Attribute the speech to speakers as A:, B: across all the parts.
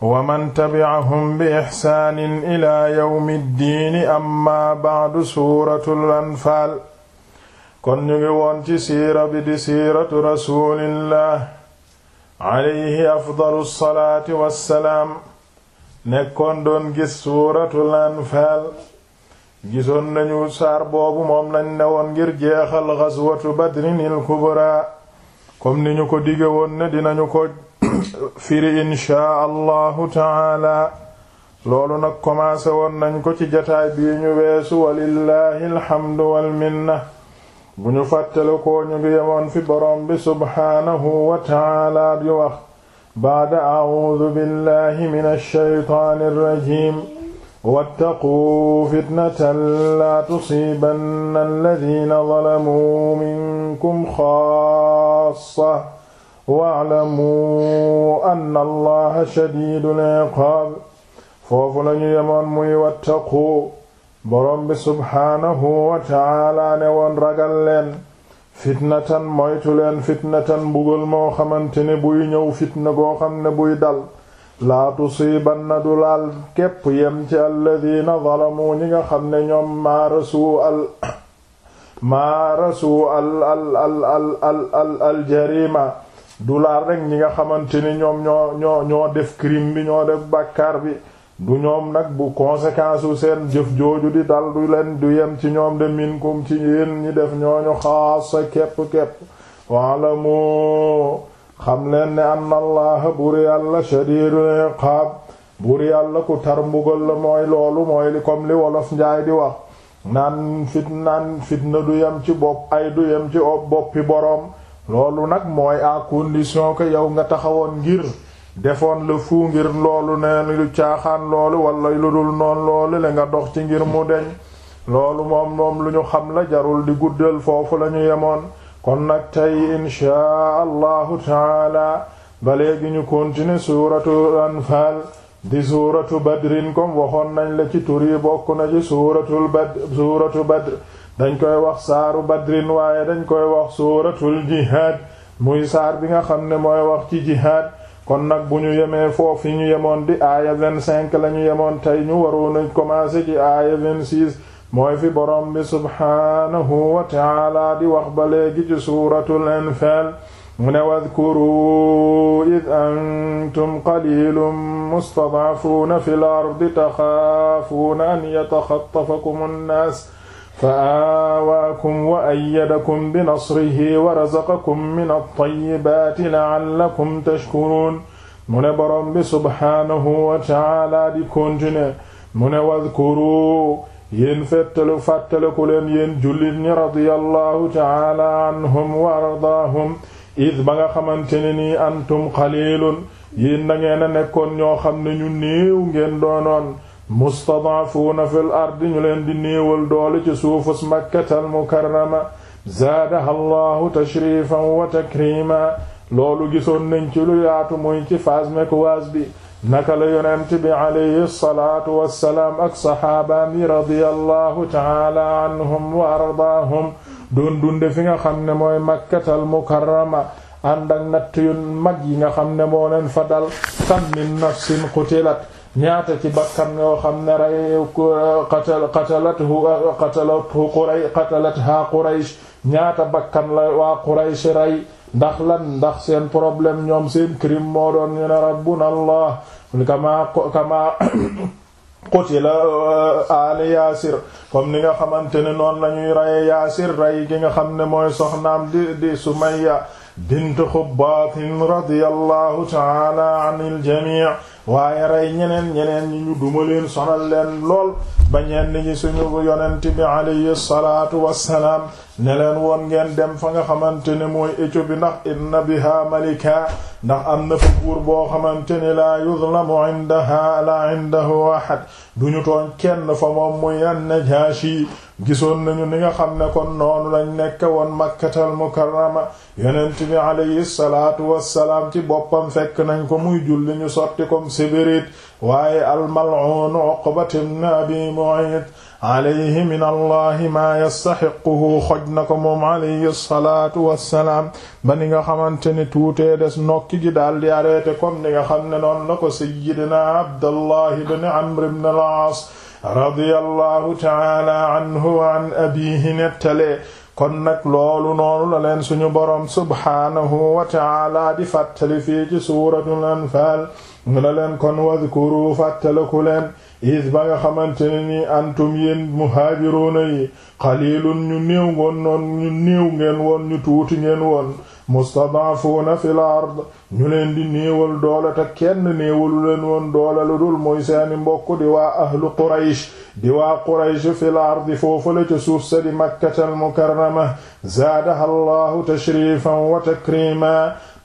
A: waman tabi'ahum bi ixsaanin ila yawmi ddiini amma ba'du anfaal kon ñu ngi woon ci siira bi di siiratu rasulillah alayhi afdalu salaati wassalaam nekkoon doon gis suuratul anfaal gisoon nañu saar boobu moom lañ ne woon ngir jeexal gaswatu badrinil kubra comme ko dige woon ko firi inshaa allahu taala loolu nag commencé woon nañ ko ci jataay bii ñu weesu walillahi alhamdu walminna bu ñu fàttale ko ñu ngi yemoon fi boroom bi subhaanahu wa taala di baada audu billahi min alsheytaani alrajim wattaquu fitnatan wa'lamu anna allaha shadiidul iqaab foofu lañu yemoon muy wattaqu boroom bi subhaanahu wa ta'aala ne woon ragal leen fitnatan moytu leen fitnatan mbugal moo xamante ne buy ñëw fitna goo xam ne buy dal laa tusiibanna du laal képp yem ci alladiina zalamu ñi nga xam ne ñoom maarasu al maarasu al al al al al al al jarima du laal rek ñi nga xamante ni ñoom ñoo ñoo ñoo def crime bi ñoo def bàkkaar bi du ñoom nag bu conséquence wu seen jëf jooju di dal du leen du yem ci ñoom de minkum ci yéen ñi def ñooñu xaasa kepp-kepp waala moo xam leen ne anna allaha buur yàlla shadidul iqaab buur yàlla ku tar mbugal la mooy loolu mooy li comme li wolof njaay di wax naan fit naan fitna du yem ci bopp ay du yem ci boppi boroom loolu nag mooy à condition que yow nga taxawoon ngir defoon la fu ngir loolu neen lu caaxaan loolu wala lu dul noon loolu la nga dox ci ngir mu deñ loolu moom moom lu ñu xam la jarul di guddal foofu la ñu yemoon kon nag tey inchaa allahu taala ba léegi ñu continuer suuratu anfaal di suuratu badrin comme waxoon nañ la ci tur yi bokk na ci suuratul badr suuratu badr dañ koy wax saaru badrin waaye dañ koy wax suuratul jihaad muy saar bi nga xam ne mooy wax ci jihaad kon nag bu ñu yemee foofu ñu yemoon di aaya vingt-cinq la ñu yemoon tey ñu waroon a commencer ci aaya vingt-six mooy fi borom bi subhaanahu wa taala di wax ba léegi ci suuratul anfaal mu ne wadkuruu id antum qalilun mustad'afuuna fil ardi taxaafuuna an yataxattafakum an-naas fa aawaakum wa ayyadakum bi nasrihi wa razaqakum min at-tayyibaati la'allakum tashkuruun mu ne boroom bi subhaanahu wa ta'aala di continuer mu ne wadkuruu yéen fettalu fàttaleku leen yéen jullit ñi radiyallahu ta'aala anhum wa ardaahum id ba nga xamante ne nii antum qaliilun yéen da ngeen a nekkoon ñoo xam ne ñu néew ngeen doonoon mustadaafuuna fil ardi ñu leen di néewal doole ci suufus makkatal mukarrama zaadaha allahu tashrifan wa takrima loolu gisoon nañ ci lu yaatu muy ci phase mecquoise bi naka la yonent bi alayhi salaatu salaam ak saxaabaam yi radiyallahu taala anhum wa ardaahum doon fi nga xam ne mooy makkatal mukarrama ànd ak natt yu mag yi nga xam ne moo leen fa kam min nafsin qutilat ñaata ci bakkan yoo xam ne rey qatal qatalathu qatalathu Quraysh qatalatha ñaata bakkan la waa Quraysh rey ndax lan ndax seen problème ñoom seen crime moo doon ñu ne rabbuna allah kamaa kamaa qutila aali uh, yaasir ni nga xamante ne noon la ñuy reye yaasir rey gi nga xam ne mooy soxnaam di di bintu xubbaatin radiyallahu taala anil jamii waaye rey ñeneen ñeneen ñi ñu duma leen leen lool ba ñenn ñi suñu yonent bi alayhi salaatu wassalaam ne leen woon ngeen dem fa nga xamante ne mooy Éthiopie ndax inna biha malika ndax am na fa buur boo xamante ne laa yuzlamu indaha la indahu ahad duñu tooñ kenn fa ya muy an-Najaashi gisoon nañu ni nga xam ne kon noonu lañu nekk woon makkatal mukarrama yonent bi alayhi salaatu wassalaam ci boppam fekk nañ ko muy julli ñu sotti comme sibiriit waaye almal'un Uqbat ibn Abi Mu'ayt alayhi min allahi maa yastaxiquhu xoj na ko moom alayhi salaatu wassalaam ba ni nga xamante ne tuutee des nokki gi daal di arrêté comme ni nga xam ne noonu la ko sayyidina Abdallahi ibn Amr ibn al-As radiyallahu taala anhu wa an abihi nettalee kon nag loolu noonu la leen suñu boroom subhaanahu wa taala di fàttali fii ci suuratul anfaal ñu la leen kon wa wadhkuru fàttaliku leen is ba nga xamante ne ni antum yéen muhaajiruuna yi xaliilun ñu néew ngoon noon ñu niw ngeen won ñu tuuti ngeen woon mustadaafuuna fil ard ñu leen di néewal doole te kenn néewalu leen woon doole lu dul mooy seeni mbokk di waa ahlu quraysh di waa quraysh fil ard foofu la ca suuf sa di makkatal mukarrama zaadaha allahu tashrifan wa takrima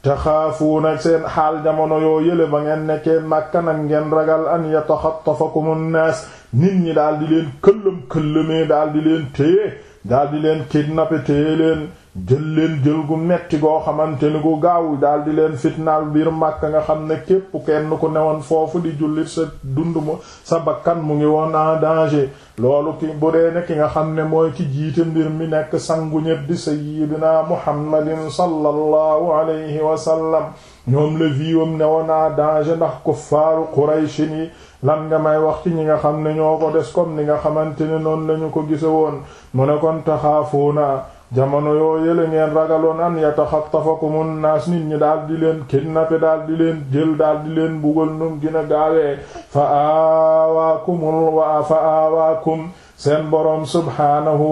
A: taxaafuuna seen xaal jamono yoo yële ba ngeen nekkee màkka nag ngeen ragal an yataxattafakum an-naas nit ñi daal di leen këllam këllamee daal di leen téye daal di leen kidnappé téye leen jël leen jël gu metti goo xamante ni gu gaaw daal di leen fitnaal biir makk nga xam ne képp kenn ku newoon foofu di jullit sa dund ma sa bakkan mu ngi woon en danger loolu ki bu dee ne ki nga xam ne mooy ki jiite mbir mi nekk sangu ñépp di sayyidina Muhammadin sallallahu alayhi wa sallam ñoom la ne newoon en danger ndax kuffaaru Quraysh yi lan nga may wax ci ñi nga xam ne ñoo ko des comme ni nga xamante ne noonu lañu ko gise woon mu ne kon taxaafuuna jamono yoo yële ngeen ragaloon an yataxattafakumu naas nit ñi daal di leen kidnappé daal di leen jël daal leen bugal num gina gaawee fa aawaakumul wa fa aawaakum seen borom subhaanahu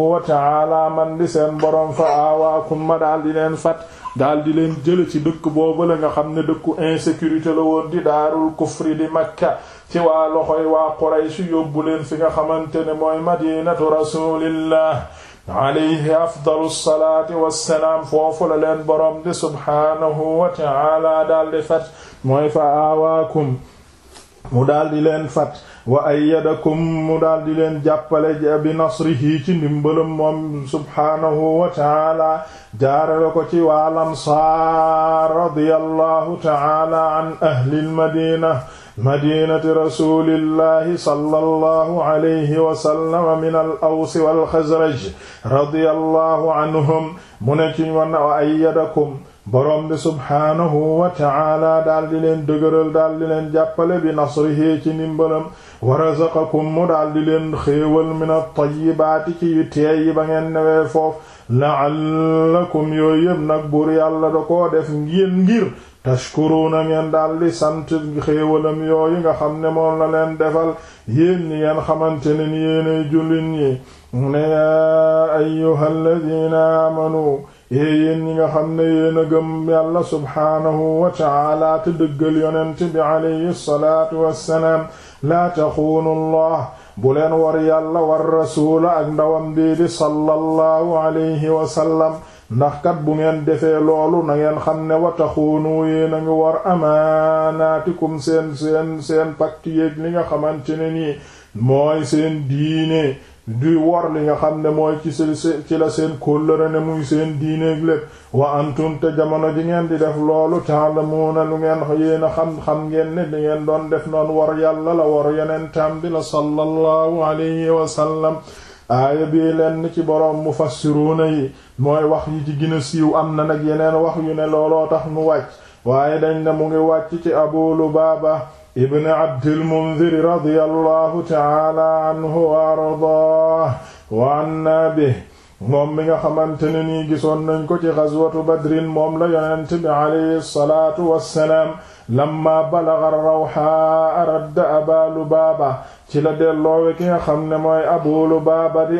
A: wa man di seen borom fa aawaakum ma daal di leen fat daal di leen jële ci dëkk boobu la nga xam ne dëkku insécurité la woon di daarul kufri di makka ci waa loxoy waa Quraysh yóbbu leen fi nga xamante ne mooy madinatu rasulillah alayhi afdalu salaati wassalaam foofu la leen borom di subhaanahu wa ta'ala daldi fat mooy fa aawaakum mu daldi leen fat wa ayyadakum mu daldi leen jàppale bi nasrihi ci ndimbalam moom subhaanahu wa ta'ala jaarale ko ci waa lamsaar radiyallahu ta'ala an ahlil madina madinati rasulillahi sallallahu alayhi wa sallam min al aws wal xasraj radiyallahu anhum mu ne ci wan wa subhaanahu wa ta'ala daal di leen dëgëral daal di leen jàppale bi nasrihi ci ndimbalam wa razaqakum mu daal di leen xéewal min at-tayyibaati ci yu teey yi ba ngeen newee foofu la'allakum yooyu nag buur yàlla da koo def ngeen ngir tashkuruuna ngeen daldi sant xéewalam yooyu nga xam ne moom la leen defal yi ñi xamante ne ni yéenay jullit ñi mu ne yaa ayyuhal ladiina amanu yéen ñi nga xam ne yéen a gëm yàlla subhaanahu wa ta'aala te dëggal yonent bi alayhi salaatu wassalaam laa taxuunu allah bu leen war yàlla war rasuula ak ndawam bii di sallallahu alayhi wa sallam ndax kat bu ngeen defee loolu na ngeen xam ne wataxoonu yéen a ngi war amaanaatikum seen seen seen pacte yéeg li nga xamante ne nii mooy seen diine di wor li nga xam ne mooy ci ci la seen kóllëre ne muy seen diineeg lépp wa antum te jamono ji ngeen di def loolu taalamuuna lu ngeen yéen a xam xam ngeen ne di ngeen doon def noon war yàlla la war yeneen tam bi la sallallahu alayhi wa sallam aaya bii lenn ci boroom mufassiruuna yi mooy wax yi ci gën siiw am na nag yeneen wax yu ne looloo tax mu wàcc waaye dañ ne mu ngi wàcc ci abu lubaaba ibn abdil mundir radiyallahu taala anhu wa ardaah wa anna bi moom mi nga xamante ne nii gisoon nañ ko ci ghazwatu badrin moom la yonent bi alayhi salaatu wassalaam lamma balagha rawha radda aba lubaaba ci la delloowe ki nga xam ne mooy abu lubaaba di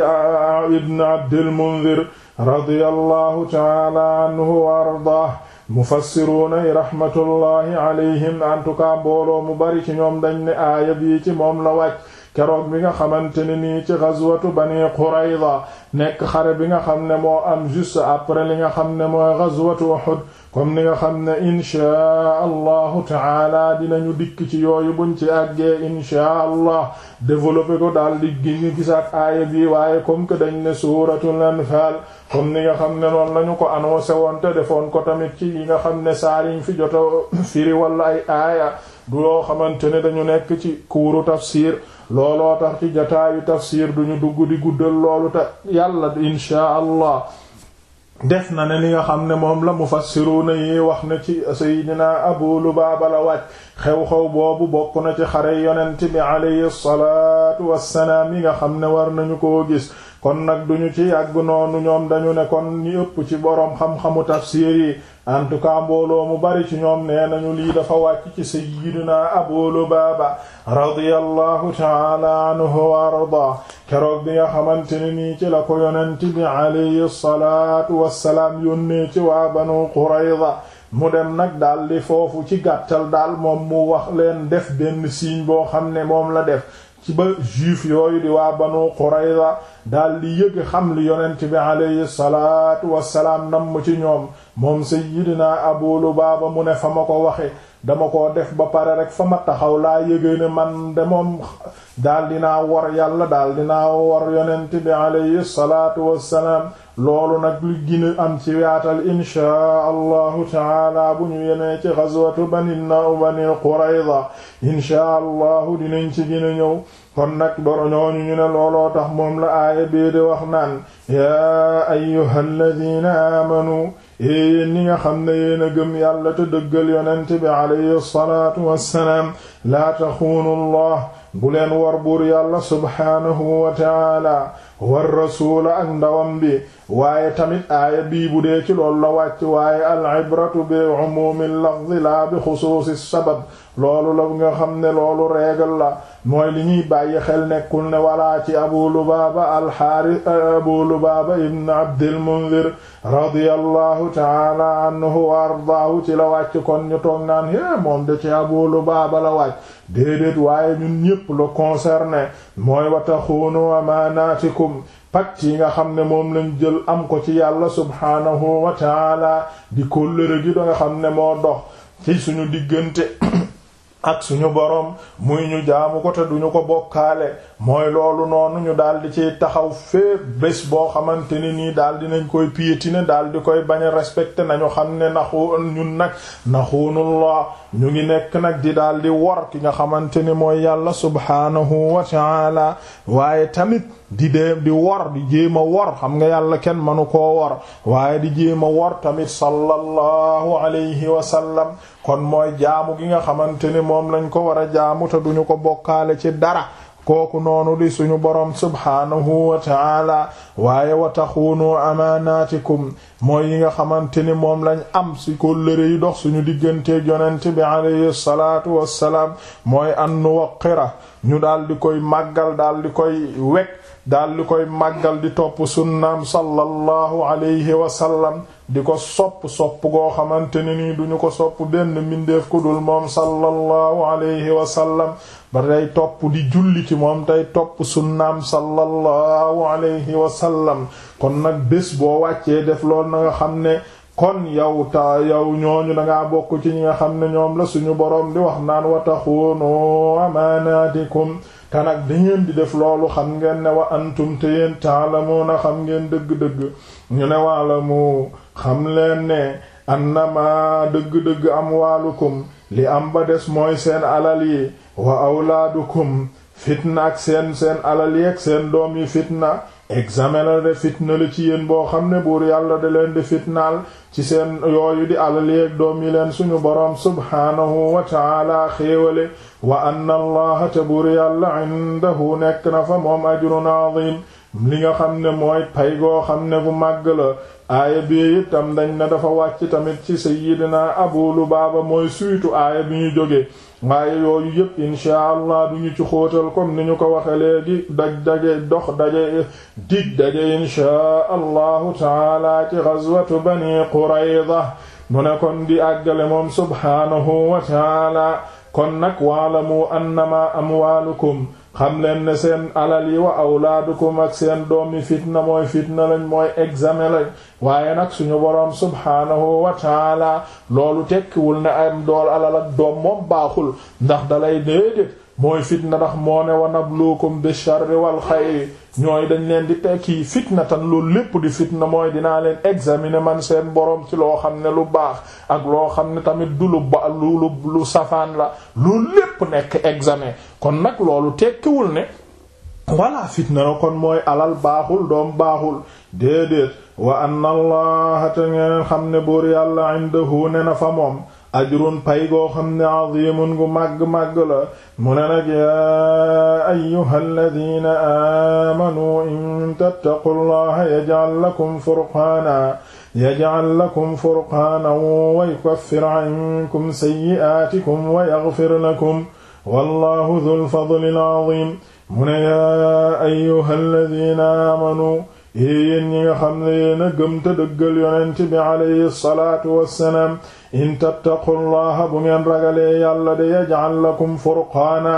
A: ibn abdil munzir radiyallahu ta'ala anhu wa ardaah mufassiruuna yi rahmatullahi alayhim en tout cas mbooloo mu bari ci ñoom dañ ne aaya ci moom la wàcc keroog bi nga xamante ne nii ci ghazwatu bani Qurayza nekk xare bi nga xam ne moo am juste après li nga xam ne moo ghazwatu Uhud comme ni nga xam ne inchaa allahu taala dinañu dikk ci yooyu buñ ci àggee inchaa allah développé ko daal di gi gisaat aaya bi waaye comme que dañ ne suratul anfal comme ni nga xam ne noonu lañu ko annoncé woon te ko tamit ci yi nga xam ne saariñ fi joto firi walla ay aaya du loo xamante ne dañu nekk ci kuuru tafsir looloo tax ci jataayu tafsir ñu dugg di guddal loolu te yàlla inshaa allah def na ne li nga xam ne moom la na yi wax na ci seydina abu lubaaba la wàcc xew-xew boobu bokk na ci xare yonent bi alayhi salaatu wassalaam yi nga xam ne war nañu ko gis kon nag duñu ci yàgg noonu ñoom dañu ne kon ñu ëpp ci boroom xam-xamu tafsiir yi en tout mbooloo mu bari ci ñoom nee nañu lii dafa wàcc ci sayyidina Abu Lubaaba radiyallahu ta'ala anhu wa arda keroog bi nga xamante ne nii ci la ko yonent bi alayhi salaatu wassalaam yónnee ci waa Banu Qurayza mu dem nag daal di foofu ci gàttal daal moom mu wax leen def benn signe boo xam ne moom la def ci ba juif yooyu di waa Banu Qurayza daal di yëg xam li yonent bi alayhi salaatu wassalaam namm ci ñoom moom sayyidina Abu Lubaaba mu ne fa ma ko waxe dama ko def ba pare rek fa ma taxaw laa yëgee ne man de moom daal dinaa war yàlla daal dinaa war yonent bi alayhi salaatu wassalaam loolu nag lu gën a am ci yaatal inchaa allahu taala bu ñu yenee ci ghazwatu Bani Nawfal Bani Qurayza inchaa allahu dinañ ci gën a ñëw kon nag boro ñooñu ñu ne looloo tax moom la aaya bii di wax naan yaa ayyuhal ladina aamanu yéen ñi nga xam ne yéen a gëm yàlla te dëggal yonent bi alayhi salaatu wassalaam laa taxuunu allah bu leen war buur yàlla subhaanahu wa taala war rasuula ak ndawam bi waaye tamit aaya bii bu dee ci loolu la wàcc waaye al-ibratu bi umuumil lafzi laa bi xusuusi sabab loolu la nga xam ne loolu reegal la mooy li ñuy bàyyi xel nekkul ne walaa ci abu lubaaba alxaaris abu lubaaba ibn abdil mundir radiyallahu taala anhu wa ardaahu ci la wàcc kon ñu toog naan é moom de ci abu lubaaba la wàcc déedéet waaye ñun ñépp la concerné mooy wataxuunu amaanaatikum pacte yi nga xam ne moom lañ jël am ko ci yàlla subhaanahu wa taala di kóllëre gi da nga xam ne moo dox ci suñu diggante ak suñu boroom muy ñu jaamu ko te duñu ko bokkaale mooy loolu noonu ñu daldi ciy taxaw fee bés boo xamante ne nii daldi nañ koy piétiner daldi koy bañ a respecter nañu xam ne naxu ñun nag naxuunullah ñu ngi nekk nag di daldi wor ki nga xamante ne mooy yàlla subhaanahu wa ta'ala waaye tamit di dee di wor di jéem a wor xam nga yàlla kenn mënu koo wor waaye di jéema a wor tamit sallallahu alayhi wa sallam kon mooy jaamu gi nga xamante ne moom lañ ko war a jaamu te duñu ko bokkaale ci dara kooku noonu di suñu borom subhaanahu wa ta'ala waaye wa taxuunu amaanaatikum mooy yi nga xamante ni moom lañ am si kóllëre yi dox suñu digganteeg yonent bi alayhi salaatu wassalaam mooy an nuwaqira ñu daal di koy màggal daal di koy wekk daal di koy màggal di topp sunnaam sallallahu alayhi wa sallam di ko sopp sopp goo xamante ne nii duñu ko soppu benn mbindeef ku dul moom sallallahu alayhi wa sallam ba tey topp di julli ci moom tey topp sunnaam sallallahu alayhi wa sallam kon nag bés boo wàccee def lool na nga xam ne kon yow ta yow ñooñu danga bokk ci ñi nga xam ne ñoom la suñu boroom di wax naan wa taxuunu amaanaatikum te nag da ngeen di def loolu xam ngeen ne wa antum te yéen taalamuuna xam ngeen dëgg-dëgg ñu ne mu xam leen ne annama dëgg-dëgg amwaalukum li am ba des mooy seen alal yi wa awlaadukum fitna ak seen seen alal yeeg seen doom yi fitna examen la de fitna la ci yéen boo xam ne buur yàlla de leen di fitnaal ci seen yooyu di alal yeeg doom yi leen suñu boroom subhaanahu wa taala xéewale wa anna allaha te buur yàlla indahu nekk na fa moom ajrun azim li nga xam ne mooy pay goo xam ne bu màgg la aaya bi tam dañ na dafa wàcc tamit ci sayyidina abu lubaaba mooy suytu aaya bi ñu jóge waaye yooyu yëpp inshaa allah du ci xóotal comme ni ñu ko waxe léegi daj daje dox daje dig daje inshaa allahu taala ci ghazwatu bani qurayda mu ne kon di àggale moom subhaanahu wa taala kon nag waalamu annama amwaalukum xam leen ne seen alal yi wa awlaadukum ak seen doom yi fitna mooy fitna lañ mooy examen lañ waaye nag suñu boroom subhaanahu wa taala loolu tekkiwul ne am dool alal doom moom baaxul ndax dalay déedéet mooy fitna ndax moo ne wa nabluukum bi sharri wal xayri ñooy dañ leen di tekki fitnatan loolu lépp di fitna mooy dinaa leen examiner man seen boroom ci loo xam ne lu baax ak loo xam ne tamit du lu lu safaan la loolu lépp nekk examen kon nag loolu tekkiwul ne walla fitna na kon mooy alal baaxul doom baaxul déedéet wa anna allaha ngeen xam ne buur yàlla indahu ne na fa moom ajrun pay goo xam ne azimun gu màgg-màgg la mu ne nag yaa ayyuha alladina aamanu in tattaqu llaha yaj'al lakum furqaana yaj'al lakum furqaanan wa yukaffir ankum sayyi'aatikum wa yaghfir lakum wallahu dhul fadlil azim mu ne yaa ayyuha alladina aamanu yéen ñi nga xam ne yéen a gëm te dëggal yonent bi alayhi salaatu wassalaam in tattaqullaha bu ngeen ragalee yàlla de yaj'al lakum furqaana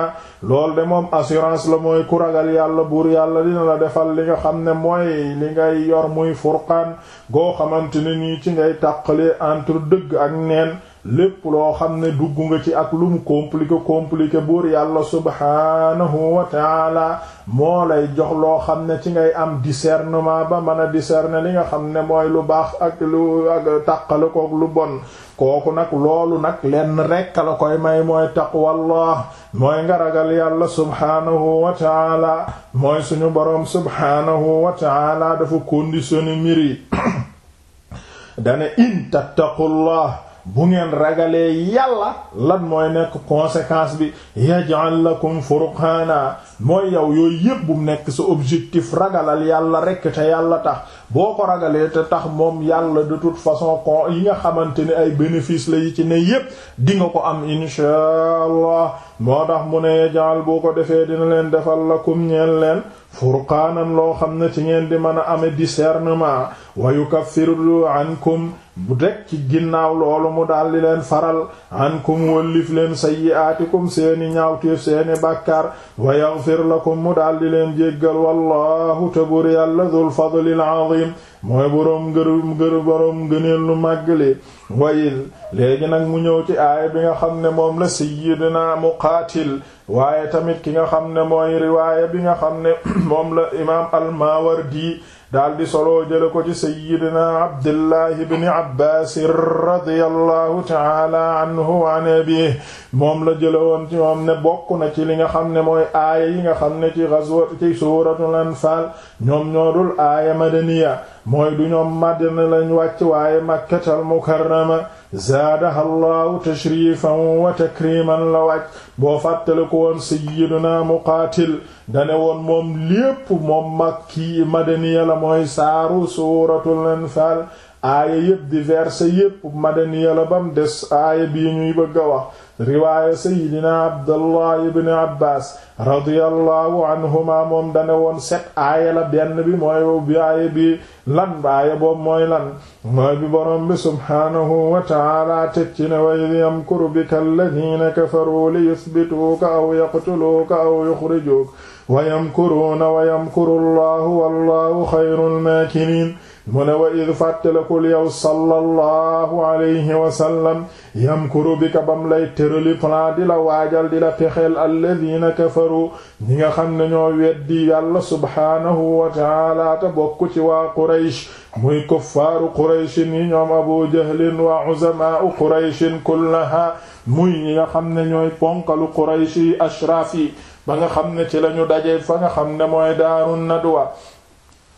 A: lool de moom assurance la mooy ku ragal yàlla buur yàlla dina la defal li nga xam ne mooy li ngay yor muy furqaan goo xamante ne nii ci ngay tàqalee entre dëgg ak neen lépp loo xam ne dugg nga ci ak lu mu compliqué compliqué buur yàlla subhaanahu wa moo lay jox loo xam ne ci ngay am discernement ba mën a discerner li nga xam ne mooy lu baax ak lu ak ko kook lu bon kooku nag loolu nag lenn rekk la koy may mooy taqwallah mooy nga ragal yàlla subhaanahu wa taala mooy suñu boroom subhaanahu wa taala dafa conditionné mbir yi dane in tattaqullah bu ngeen ragalee yàlla lan mooy nekk conséquence bi yaj'al lakum furqaana mooy yow yooyu yépp bu nekk sa objectif ragalal yàlla rek te yàlla tax boo ko ragalee te tax moom yàlla de toute façon kon yi nga xamante ne ay bénéfice la yi ci ne yépp di nga ko am inshaa allah moo tax mu ne yaj'al boo ko defee dina leen defal lakum ñeen leen furqaanan loo xam ne ci ngeen di mën a ame discernement wa yukaffiru ankum bu dekk ci ginnaaw loolu mu daldi leen faral ankum wëllif leen sayyi'aatikum seeni ñaawteef seeni bakkar wa yaghfir lakum mu daldi leen jéggal wallahu tabur yàlla dhul fadlil azim mooy boroom ngërëm ngër boroom lu màgg li wayil léegi nag mu ñëw ci aaya bi nga xam ne moom la sayyidina muqaatil waaye tamit ki nga xam ne mooy riwaaya bi nga xam ne moom la imaam al-Mawardi daal di soloo jële ko ci sayyidina Abdullahi ibn Abbaas radiyallahu ta'ala anhu wa nabi moom la jële woon ci moom ne bokk na ci li nga xam ne mooy aaya nga xam ne ci ghazwa ci suuratul anfaal ñoom ñoo dul madaniya mooy du ñoom Madina lañu wàcc waaye Makkatal Mukarrama zaadaha llahu tashrifan wa takriman la wàcc boo fàttale ko woon sayyiduna Muqaatil dane woon moom lépp moom makki madaniya la mooy saaru suuratul Anfaal aaya yépp di verset yépp madaniya la bam des aaya bii ñuy bëgg wax riwaaya sayidina abdallah ibn abbas radiyallahu anhuma moom dane woon set aaya la benn bi mooy bi aaya bi lan aaya boobu mooy lan mooy bi boroom bi subhaanahu wa taala teg ci ne wa id yamkuru bika alladina kafaru li yuthbituuka aw yaqtuluuka aw yuxrijuuka wa yamkuruuna wa yamkuru allahu wallahu xayrul maakiriin mu ne wa id fàttalakul yow sallallahu alayhi wasallam yamkuru bika bam lay tërali plan di la waajal di la pexeel alladina kafaru nga xam ne ñoo weddi yàlla subhaanahu wa taala te bokk ci waa quraysh muy kuffaaru qurayshin yi ñoom abu jahlin wa uzamaau qurayshin kullaha muy ñi nga xam ne ñooy ponkalu quraysh yi ashraaf yi ba nga xam ne ci lañu daje fa nga xam ne mooy daaru nadwa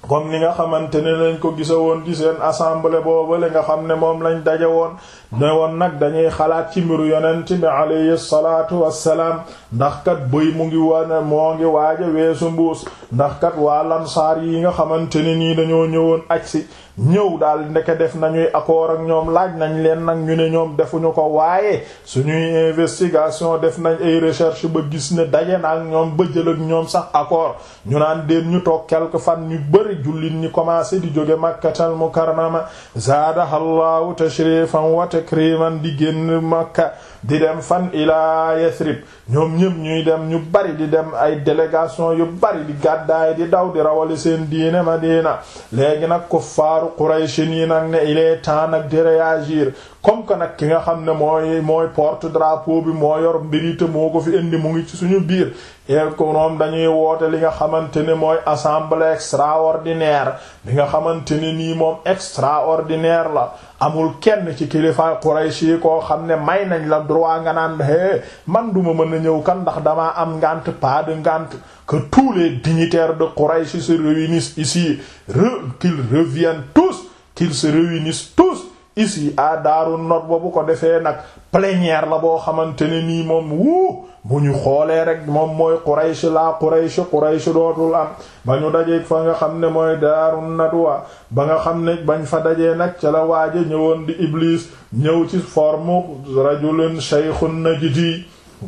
A: kon ni nga xamante ne lañ ko gisa woon ci seen assemblée boobale nga xam ne moom lañ daje woon ne woon nag dañuy xalaat ci mbiru yonent bi alayhi salaatu wassalaam ndax kat bëy mu ngi wane moo ngi waaj a weesu mbuus ndax kat waa lansaar yi nga xamante ne nii dañoo ñëwoon agsi ñëw daal ndeke def nañuy accord ak ñoom laaj nañ leen nag ñu ne ñoom defuñu ko waaye suñuy investigation def nañ ay recherche ba gis ne daje na ak ñoom ba jël ak ñoom sax accord ñu naan déen ñu toog quelque fan ñu bëri jullit ñi commencé di jóge mu makkatal mukarrama zaadahallahu tashrifan wa takriman di génn makka di dem fan ilaa Yasrib ñoom ñëpp ñuy dem ñu bari di dem ay délégation yu bari di gàddaay di daw di rawali seen diine Madina léegi nag kuffaaru Quraysh yi nag ne il est temps nag di réagir comme que nag ki nga xam ne mooy mooy porte drapeau bi moo yor mbirite moo ko fi indi mu ngi ci suñu biir et ko moom dañuy woote li nga xamante ne mooy assemblée extraordinaire bi nga xamante ni nii moom extraordinaire la amul kenn ci kilifa Quraysh yi koo xam ne may nañ la droit nga naan hé man duma mën a ñëw kan ndax dama am ngant pas de ngant que tous les dignitaires de Quraysh se réunissent ici re qu'ils reviennent tous qu'ils se réunissent tous ici à daaru note ba bu ko defee nag plénière la boo xamante ni nii moom wuu bu ñu xoolee rek moom mooy Quraysh la Quraysh Quraysh dootul la ba ñu dajee fa nga xam ne mooy daaru nadwa ba nga xam ne bañ fa dajee nag ca la waaja ñëwoon di Iblis ñëw ci forme rajulun na najdi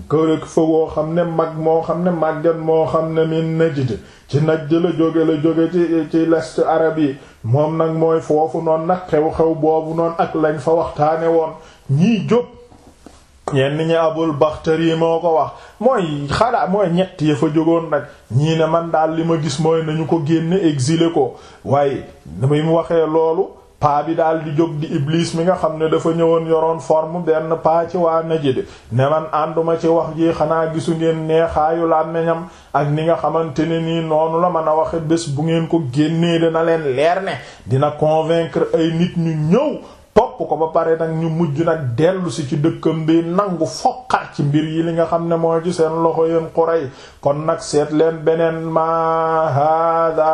A: kërëg fa woo xam ne mag moo xam ne màgget moo xam ne min Najd ci Najd la jóge la jóge ci ci lest arab yi moom nag mooy foofu noon nag xew-xew boobu noonu ak lañ fa waxtaane woon ñii jóg ñenn ñi Abul Baxtari moo ko wax mooy xalaa mooy ñett ya fa jógoon nag ñii ne man daal li ma gis mooy nañu ko génn exilé ko waaye mu waxee loolu paa bi daal di jóg di iblis mi nga xam ne dafa ñëwoon yoroon forme benn paa ci waa Najd ne man ànduma ci wax ji xanaa gisu ngeen neexaayu làmmiñam ak ni nga xamante ne nii noonu la mën a waxe bés bu ngeen ko génnee dina leen leer ne dina convaincre ay nit ñu ñëw topp ko ba pare nag ñu mujj nag dellusi ci dëkkam bi nangu foqar ci mbir yi li nga xam ne mooy ci seen loxo yéen xuray kon nag seet leen beneen ma hada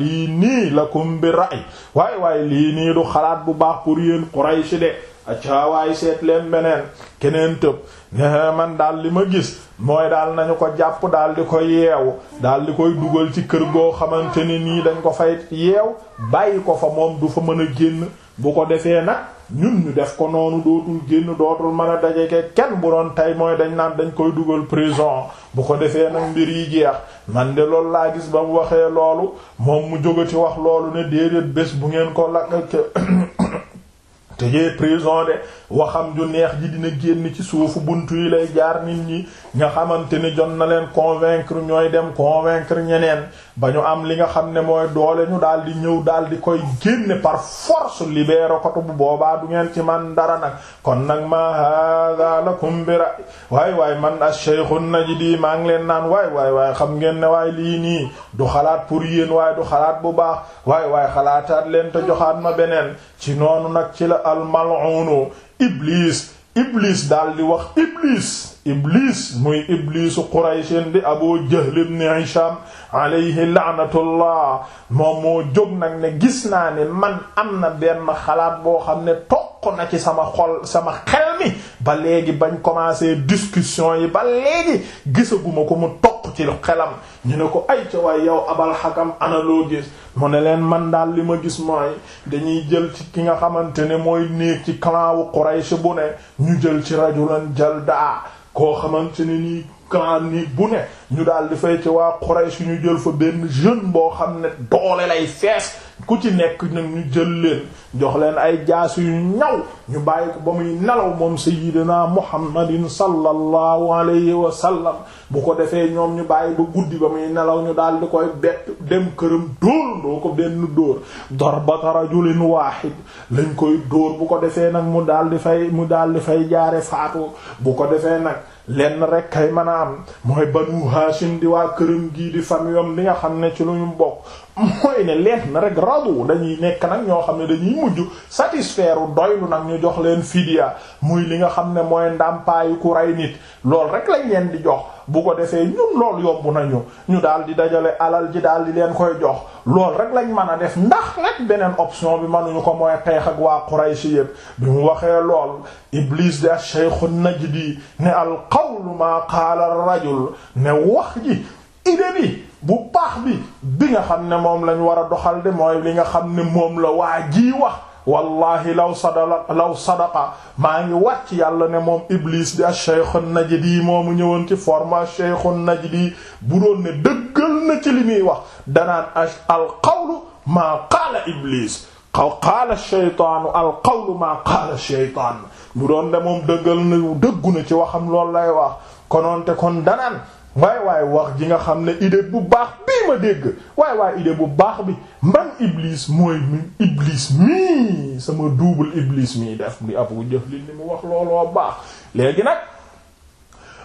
A: lii nii lakum bi ray waaye waaye lii nii du xalaat bu baax pour yéen xuray si de acca waaye seet leen beneen keneen tëb man daal li ma gis mooy daal nañu ko jàpp daal di ko yeew daal di koy dugal ci kër goo xamante ne nii dañ ko fay yeew bàyyi ko fa moom du fa mën a génn bu ko defee nag ñun ñu def ko noonu dootul génn dootul mën a dajeke kenn bu doon tey mooy dañ naan dañ koy dugal prison bu ko defee nag mbir yi jeex man de loolu laa gis ba mu waxee loolu moom mu jógati wax loolu ne déedéet bés bu ngeen ko lakk tëjee prison de waxam ju neex ji dina génn ci suufu bunt yi lay jaar nit ñi nga xamante ni jot na leen convaincre ñooy dem convaincre ñeneen ba ñu am li nga xam ne mooy doole ñu daal di ñëw daal di koy génne par force libérer ko bu boobaa du ngeen ci man dara nag kon nag ma hada lakum bi ra waay waay man ash-shaykhu najdi maa ngi leen naan waay waay waay xam ngeen ne waay lii nii du xalaat pour yéen waay du xalaat bu baax waay waay xalaataat leen te joxaat ma beneen ci noonu nag ci la al mal'unu iblis iblis daal di wax iblis iblis muy iblisu qurayshin di abu jahl ibn hisham alayhi laanatullah moom moo jóg nag ne gis naa ne man am na benn xalaat boo xam ne toq na ci sama xol sama xel mi ba léegi bañ commencé discussion yi ba léegi gisaguma ko mu toq ci xelam ñu ne ko ay ca waay yow abal xakam ana mu ne leen man daal li ma gis mooy dañuy jël ci ki nga xamante ne mooy néeg ci clan wu quraysh bu ne ñu jël ci rajulan daa koo xamante ne nii kan ni bu ne ñu daal di fay ci waa su ñu jël fa benn jeune boo xam ne doole lay fees ku ci nekk nag ñu jël leen jox leen ay jaas yu ñaw ñu bàyyi ko ba muy nelaw moom sayyidina muhammadin sallallahu alayhi wa sallam bu ko defee ñoom ñu bàyyi ba guddi ba muy nelaw ñu daal di koy bett dem këram dóor doo ko benn dóor darbata rajulin waahid lañ koy dóor bu ko defee nag mu daal di fay mu daal di fay jaare faatu bu ko defee nag lenn rek kay mën a am mooy banu haashim di waa këram gii di famiyam li nga xam ne ci lu ñu bokk mooy ne leef na rek radu dañuy nekk nag ñoo xam ne dañuy mujj satisfaire u doylu nag ñu jox leen fidia muy li nga xam ne mooy ndàmpaayu ku rey nit lool rek lañ leen di jox bu ko defee ñun lool yomb nañu ñu daal di dajale alal ji daal di leen koy jox lool rek lañ mën a def ndax nag beneen option bi mënuñu ko mooy xeex ak waa Quraysh yépp bi mu waxee lool Iblis de ash-Shaykh an di ne al qawlu maa qaala ar-rajul ne wax ji idée bi bu baax bi bi nga xam ne moom lañ war a doxal de mooy li nga xam ne moom la waa ji wax wallahi law sadala law sadaqa maa ngi wàcc yàlla ne moom iblis di ash-shaykh an-najdi moomu ñëwoon ci forme ash-shaykh an-najdi bu doon ne dëggal na ci li muy wax danaan al qawlu maa qaala iblis xaw qaala shaytaanu al qawlu maa qaala shaytaan bu doon de moom dëggal na dëggu na ci waxam loolu lay wax konoonte kon danaan waay waay wax ji nga xam ne idée bu baax bii ma dégg waay waay idée bu baax bi man iblis mooy iblis mii sama double iblis mii def di abu jëf li ni mu wax looloo baax léegi nag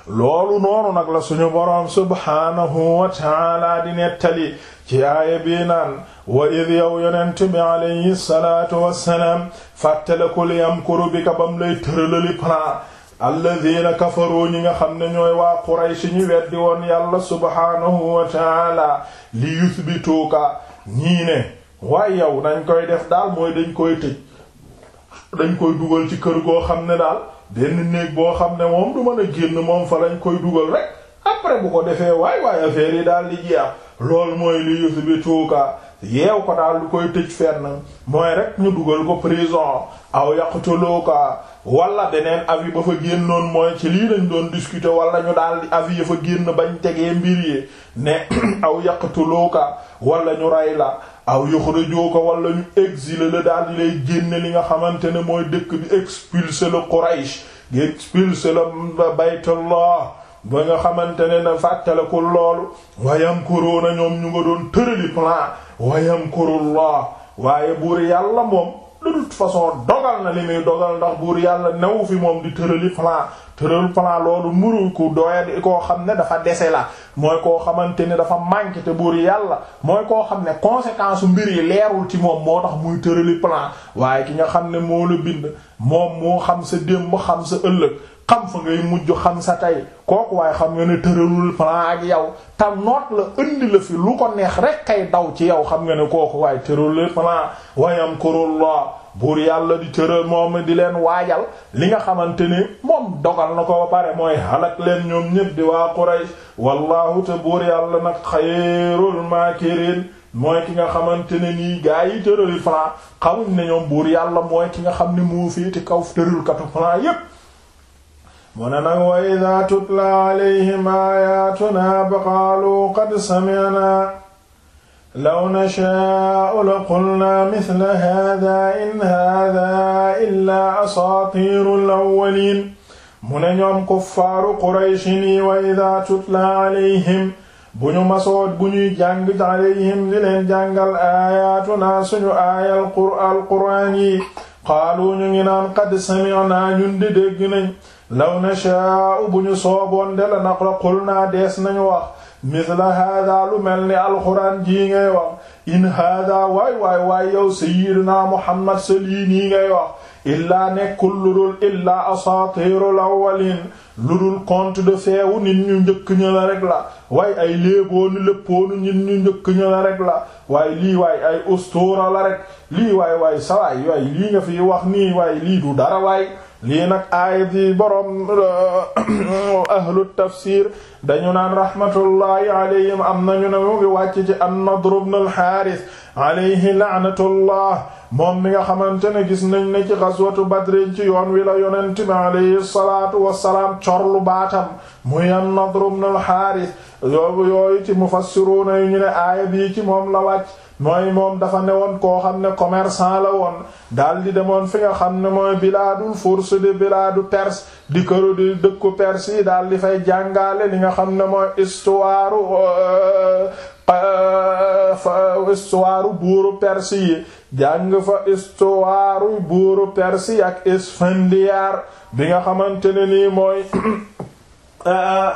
A: loolu noonu nag la suñu boroom subhaanahu wa taala di nettali ci aaya bii naan wa id yow yonent bi alayhi salaatu wassalaam fàttalikul yamkuru bika bam lay tëralali plan alladina kafaru ñi nga xam ne ñooy waa Quraysh ñu weddi woon yàlla subhaanahu wa taala li tuuka ñii ne waaye yow dañ koy def daal mooy dañ koy tëj dañ koy dugal ci kër goo xam ne daal benn néeg boo xam ne moom du mën a génn moom fa lañ koy dugal rek après bu ko defee waay waay affaire yi daal di jeex lool mooy li tuuka yeew ko daal lu koy tëj fenn mooy rek ñu dugal ko prison aw yaqtuluuka wala beneen avis ba fa génnoon mooy ci lii lañ doon discuter wala ñu daal di avis ya fa génn bañ tegee mbir yi ne aw yaqtuluuka wala ñu rey la aw yuxrijuuka wala ñu exiler la daal lay génne li nga xamante ne mooy dëkk bi expulser le Quraysh di expulser le baytullah ba nga xamante ne na fàttalikul loolu wayam korona ñoom ñu nga doon tërali plan wayam korullah waaye buur yàlla moom de toute façon dogal na li muy dogal ndax buur yàlla newu fi moom di tërali plan tëral plan loolu muru ku doyadi koo xam ne dafa dese la mooy koo xamante ne dafa manqué te buur yàlla mooy koo xam ne conséquence mbir yi leerul ci moom moo tax muy tërali plan waaye ki nga xam ne moo la bind moom moo xam sa démb xam sa ëllëg xam fa ngay mujj xam sa tey kooku waaye xam nga ne tëralul plan ak yow te noot la indi la fi lu ko neex rek ay daw ci yow xam nga ne kooku waaye tëralul plan wayam kurullah buur yàlla di tëral moom di leen waajal li nga xamante ni moom dogal na ko ba pare mooy halak leen ñoom ñépp di waa Quraysh wallahu te buur yàlla nag xayrul maakirin mooy ki nga xamante ne nii gaa yi tërali plan xamuñ ne ñoom buur yàlla mooy ki nga xam ne moo féete kaw tëralkatu plan mu ne nag wa ida tutla alayhim aayaatuna ba qaalu qad sami'na law nashaa'u la qulna mithla haadha in haadha illaa asaatiirul awwaliin mu ne ñoom kuffaaru qurayshin yi wa ida tutla alayhim bu ñu masoot bu ñuy jàng alayhim di leen jàngal aayaatuna suñu aayal qur'aan yi qaalu ñu ngi naan qad sami'na ñun di dégg nañ law nashaa'u bu ñu sooboon de la naqra qulnaa dees nañu wax mithla haadaa lu mel ni alxuraan jii ngay wax in haadaa waay waay waay yow sayyidina muhammad sa lii nii ngay wax illaa nekkul lu dul illaa asaatiirul awwaliin lu dul conte de fées wu nit ñu njëkk ña la rek la waay ay léeboonu léppoonu nit ñu njëkk ña la rek la waaye lii waay ay ustuura la rek lii waay waay sawaay waay lii nga fi wax nii waay lii du dara waay lii nag aayat yi boroom ahlu tafsir dañu naan rahmatullahi alayhim am nañu ne mu ngi wàcc ci an-Nadr ibn al-Haaris alayhi la'natullah moom mi nga xamante ne gis nañ ne ci ghazwatu Badr ci yoon wi la yonent bi alayhi salaatu wassalaam corlu baatam muy an-Nadr ibn al-Haaris yoobu yooyu ci mufassiruuna yi ñu ne aaya bii ci moom la wàcc mooy moom dafa newoon koo xam ne commerçant la woon daal di demoon fi nga xam ne mooy bilaadul furs di bilaadu pers di këru di dëkku perse yi daal di fay jàngale li nga xam ne mooy histoire euh, histoire buuru perse yi jàng fa histoire buuru perse yi ak Isfandiyaar bi nga xamante ne nii mooy euh,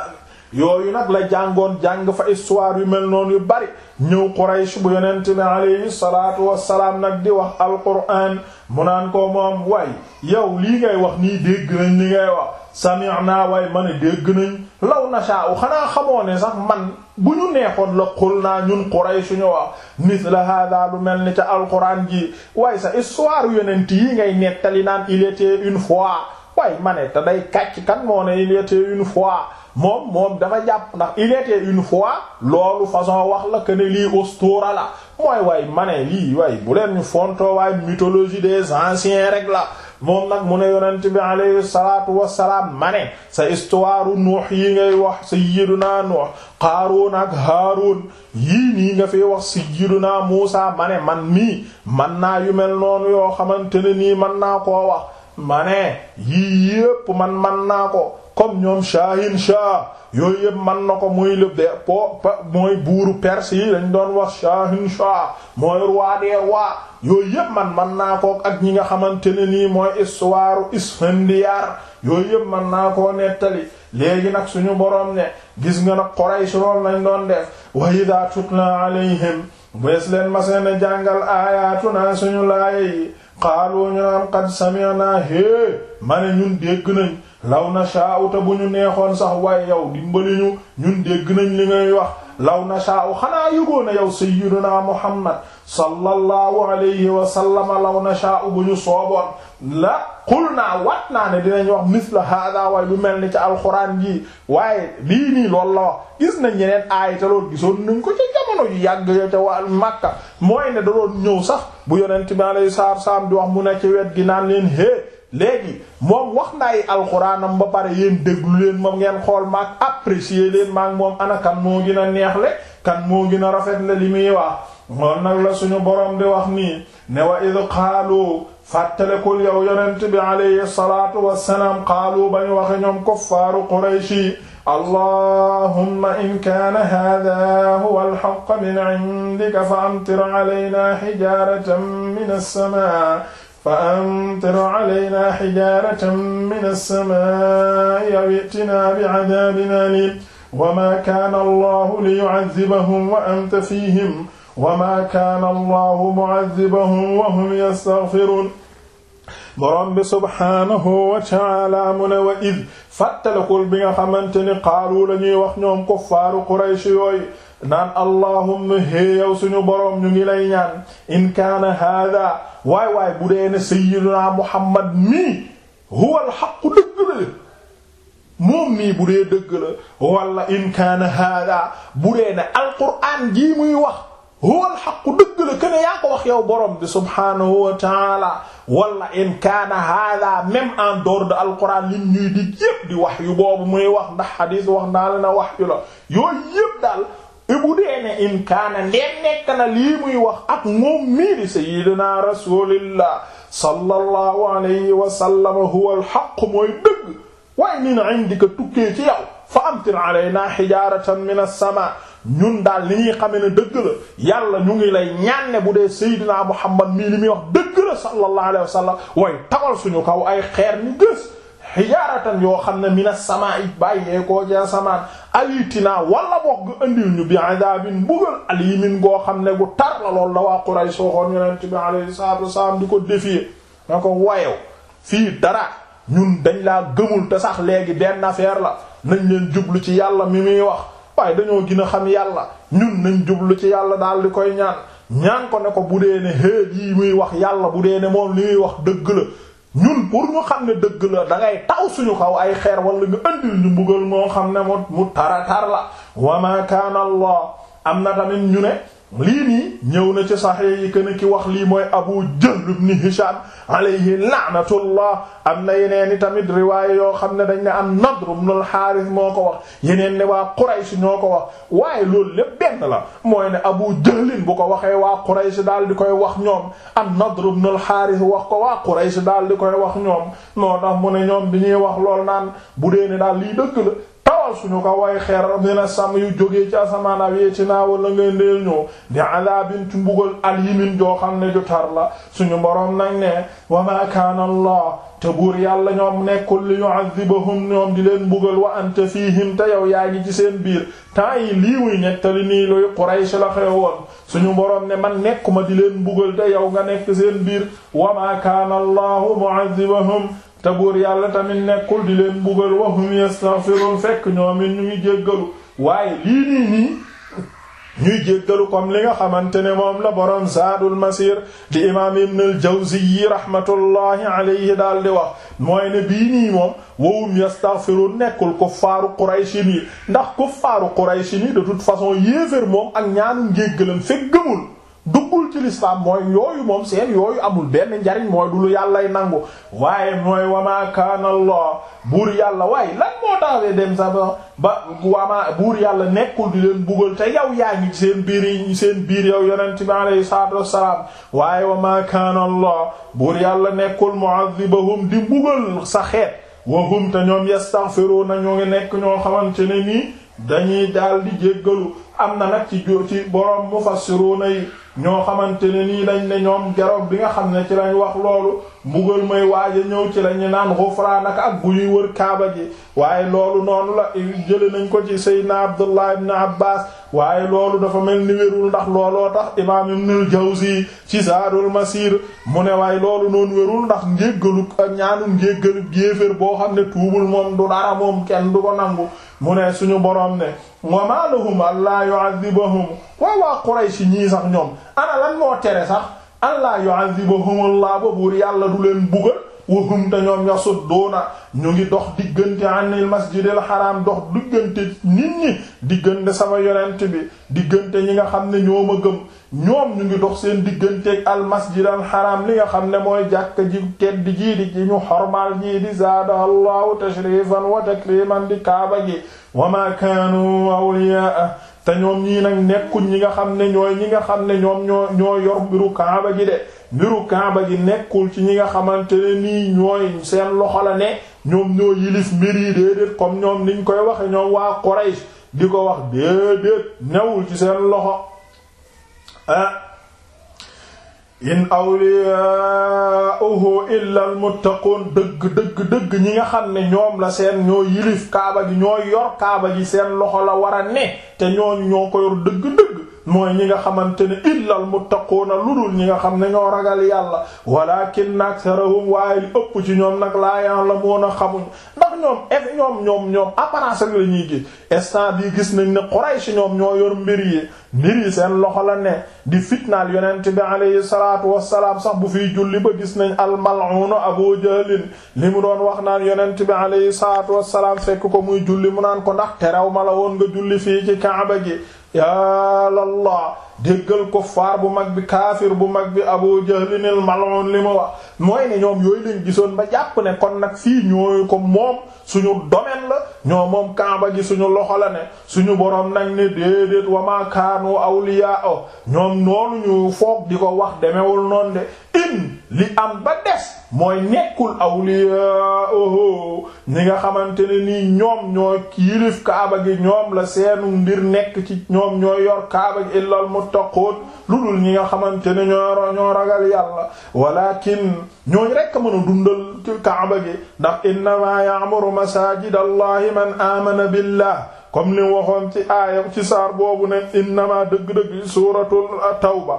A: yooyu nag la jàngoon jàng fa histoire yu mel noonu yu bari ñëw Quraysh bu yonent bi alayhi salaatu wassalaam nag di wax alquran mu naan ko moom way yow lii ngay wax nii dégg nañ li ngay wax sami'na way ma ne dégg nañ law nasha'u xanaa xamoo ne sax man bu ñu neexoon la xul naa ñun Quraysh ñu wax mithla hada lu mel ni ca alquran ji way sa histoire yonent yi ngay nettali naan il une fois way ma ne day kàcc kan moo ne il une fois moom moom dafa jàpp ndax il était une fois loolu façon wax la que lii ustuura la mooy waay ma lii waay bu leen ñu fontoo waay mythologie des anciens rek la moom nag mu ne yonent bi alayhi salatu wasalaam ma ne sa histoire nuux yi ngay wax sayyiduna nuux qaaruun ak haaruun yii nii nga fi wax sayyiduna muusa ma man mii man naa yu mel noonu yoo xamante ne nii man naa koo wax ma yii yépp man man naa ko comme ñoom Shahin Shah yooyu yëpp man na ko muy le be mooy buuru Perse yi dañ doon wax Shahin Shah mooy roi des rois yooyu yëpp man man naa ko ak ñi nga xamante ne nii mooy histoire Isfandiyaar yooyu yëpp man naa ko nettali léegi nag suñu borom ne gis nga nag Quraysh lool lañ doon def wa idha tutla alayhim bees leen maseen a jàngal aayaatunaa suñu laaye yi qaalu ñu am qad sami'na hee ma ne ñun dégg nañ law na shaa'u te bu ñu neexoon sax waaye yow dimbali ñu ñun dégg nañ li ngay wax law na shaa'u xanaa yëgoon na yow sayyiduna muhammad sallallahu alayhi wa sallama law na shaa'u bu ñu sooboon la xul naa wat naa ne dinañ wax misla hada waaye bu mel ni ci alxuraan ji waaye lii nii loolu wax gis nañ ñeneen aayitalool gisoon nañ ko ci jamono yàgg ca waa Makka mooy ne da doon ñëw sax bu yonent bi alayhi salaam di wax mu ne ci wet gi naan leen hee léegi moom wax na ay alxuraanam ba pare yéen déglu leen moom ngeen xool maak apprécier leen maag moom ana kan moo gën a neexle kan moo gën a rafet la li muy wax moom nag la suñu di wax nii ne wa id xaalu fàttalekul yow yonent bi alayhi salaatu wassalaam xaalu ba ñu waxe ñoom kuffaaru qurayshi allahumma in kaana haadaa huwa alxaq min indika fa amtir alaynaa xijaaratan min as fa amtir alayna xijaratan min alsamai aw itina bicadabin alim wama kaan allahu liyucadibahum wa anta fihim wama kaan allahu mucadibahum wa hum yastagfiruun borom bi subhaanahu wa taala mu ne wa id fàttalakul bi nga xamante ni qaalu la ñuy wax ñoom kuffaaru quraysh yooyu naan allahumma hee yow suñu boroom ñu ngi lay ñaan in kaana hada waay waay bu dee ne sayyiduna muhammad mii huwa alxaqu dëgg la moom mii bu dee dëgg la in kaana hada bu dee ne alquraan jii muy wax huwa alxaqu dëgg la kene yaa ko wax yow boroom bi subhaanahu wa taala wala in kaana hada même en dehors de alquraan lim ñuy dig yépp di wax yu boobu muy wax ndax xadiis wax naa la na wax yu la yooyu yépp daal bu dee ne in kaana ndeen nekk na lii muy wax ak moom mii di sayyidina rasulillah sallallahu alayhi wa sallam huwa alxaq mooy dëgg waaye min indika tukkee ci yow fa amtir alaynaa xijaaratan min as-samaa ñun daal li ñuy xamee ne dëgg la yàlla ñu ngi lay ñaan ne bu dee sayyidina muhammad mii li muy wax dëgg la sallallahu alayhi wa sallam waaye tagal suñu kaw ay xeer ni gës xijaaratan yoo xam ne min as-samaa bàyyeekoo ci asamaan alitinaa wala boog nga andil ñu bi adabin bugal alimin goo xam ne gu tar la loolu la waa Quraysh waxoon yonent bi alayhi salaatu wassalaam di ko défier na ko wayew fii dara ñun dañ laa gëmul te sax léegi benn affaire la nañ leen jublu ci yàlla mi muy wax waaye dañoo gin a xam yàlla ñun nañ jublu ci yàlla daal di koy ñaan ñaan ko ne ko bu dee ne xéej yi muy wax yàlla bu dee ne moom li muy wax dëgg la ñun pour ñu xam ne dëgg la da ngay taw suñu xaw ay xeer wala ñu andil ñu mbugal moo xam ne mu mu tara tar la wa ma kaana allah am na tamit ñu ne lii nii ñëw na ci saxee yi que ki wax lii mooy Abu Jahl ibn Hisham alayhi la'natullah am na yeneen i tamit riwaay yoo xam ne dañ ne am Nadr ibn al-Harith moo ko wax yeneen ne waa Quraysh ñoo ko wax waaye loolu lépp benn la mooy ne Abu Jahl bu ko waxee waa Quraysh daal di koy wax ñoom am Nadr ibn al-Harith wax ko waa Quraysh daal di koy wax ñoom moo tax mu ne ñoom bi ñuy wax lool naan bu dee ni daal lii dëgg la. waaw suñu ko way xeer dina sam yu jógee ci asamaan awietinaa wala ngay ndeel ñoo di adabin ci mbugal alimin joo xam ne ju tar la suñu boroom nag ne wa ma kaana allah te buur yàlla ñoom nekkul li yu'adhibahum ñoom di leen mbugal wa anta fiihim te yow yaa ngi ci seen biir temps yi lii muy nettali nii luy Quraysh la xewoon suñu boroom ne man nekkuma di leen mbugal te yow nga nekk sen biir wa ma kaana allahu mu'adhibahum te buur yàlla tamit nekkul di leen mbugal wa hum yastaghfirun fekk ñoom it ñu ngi jéggalu waaye lii nii nii ñuy li nga xamante ne moom la boroom Zaadul Masir di imaam Ibn al-Jawziyyi rahmatullahi alayhi daal di wax mooy ne bii nii moom wowum yastaghfirun nekkul kuffaaru Qurayshin ndax kuffaaru Qurayshin yi de toute façon yéefér moom ak ñaanu njéggalam fekk gëmul duggul ci lislaam mooy yooyu moom seen yooyu amul benn njariñ mooy du lu yàllay nangu waaye mooy wamaa kaana allah buur yàlla waaye lan moo taxawee dem sax ba ba wamaa buur yàlla nekkul di leen buggal te yow yaa ngi seen biir seen biir yow yonent bi alayhi salaatu wassalaam waaye wamaa kaana allah buur yàlla nekkul mu'adhibahum di buggal sa xeet wahum te ñoom yastaghfiruna ñoo ngi nekk ñoo xamante ne nii dañuy daal di jéggalu am na nag ci ci borom na yi ñoo xamante ne nii dañ ne ñoom geroog bi nga xam ne ci lañ wax loolu mbugal may waaja ñëw ci lañu naan xufraanaka ak bu ñuy wër kaaba ji waaye loolu noonu la jële nañ ko ci seydna abdullah ibn abbas waaye loolu dafa mel ni wérul ndax looloo tax imaam ibnul jawzi ci zaadul masir mu ne waaye loolu noonu wérul ndax njéggalu ak ñaanum njéggalu géeféer boo xam ne tuubul moom du dara moom kenn du ko nangu mu ne suñu borom ne wa ma lahum allaa yu'adhibahum waaw waa Quraysh ñii sax ñoom ana lan moo tere sax allaa yu'adhibahum allah ba buur yàlla du leen bugal wahum te ñoom yasudduuna ñu ngi dox diggante anil masjidil haram dox diggante nit ñi diggante sama yonent bi diggante ñi nga xam ne ñoom a gëm ñoom ñu ngi dox seen digganteeg al masjidal haram li nga xam ne mooy jàkk ji tedd jii di ci ñu xormaal jii di zaada allahu tashrifan wa takriman di kaaba gi wa ma kaanu awliyaa te ñoom ñii nag nekkuñ ñi nga xam ne ñooy ñi nga xam ne ñoom ñoo ñoo yor mbiru kaaba gi de mbiru Kaaba gi nekkul ci ñi nga xamante ne nii ñooy seen loxo la ne ñoom ñoo yilif mbir yi déedéet comme ñoom niñ koy waxe ñoom waa Quraysh di ko wax déedéet newul ci seen loxo ah in awliyaa'uhu illa almuttaqun dëgg dëgg dëgg ñi nga xam ne ñoom la seen ñoo yilif Kaaba gi ñoo yor Kaaba gi seen loxo la war a ne te ñoo ñoo ko yor dëgg dëgg mooy ñi nga xamante ne illal muttaquuna lu dul ñi nga xam ne ñoo ragal yàlla walakin aktharuhum waaye li ëpp ci ñoom nag laa ya'lamuuna xamuñ ndax ñoom efe ñoom ñoom ñoom apparence rek la ñuy gis instant bii gis nañ ne Quraysh ñoom ñoo yor mbir yi mbir yi seen loxo la ne di fitnaal yonent bi alayhi salaatu wassalaam sax bu fiy julli ba gis nañ al mal almal'uun Abu Jahlin li mu doon wax naan yonent bi alayhi salaatu wassalaam fekk ko muy julli mu naan ko ndax teraw woon nga julli fii ci Kaaba gi yaa Allah déggal kuffaar bu mag bi kaafir bu mag bi Abu Jahlin al-mal'un li ma wax mooy ne ñoom yooyu lañ gisoon ba jàpp ne kon nag fii ñooy ko moom suñu domaine la ñoo moom Kaaba gi suñu loxo la ne suñu borom nag ne déedéet wa ma kaanu awliya o ñoom noonu ñu foog di ko wax demewul noonu de in li am ba des mooy nekkul awliya oho ñi nga xamante ne nii ñoom ñoo yilif Kaaba gi ñoom la seenu mbir nekk ci ñoom ñooy yor Kaaba gi illal yattaqoon lu dul ñi nga xamante ne ñoo ñoo ragal yàlla walakin ñooñ rekk mën a dundal kaaba gi ndax innama ya'muru masajid allahi man amana billah comme ni waxoon ci aaya ci saar boobu ne innama dëgg-dëgg suuratul tawba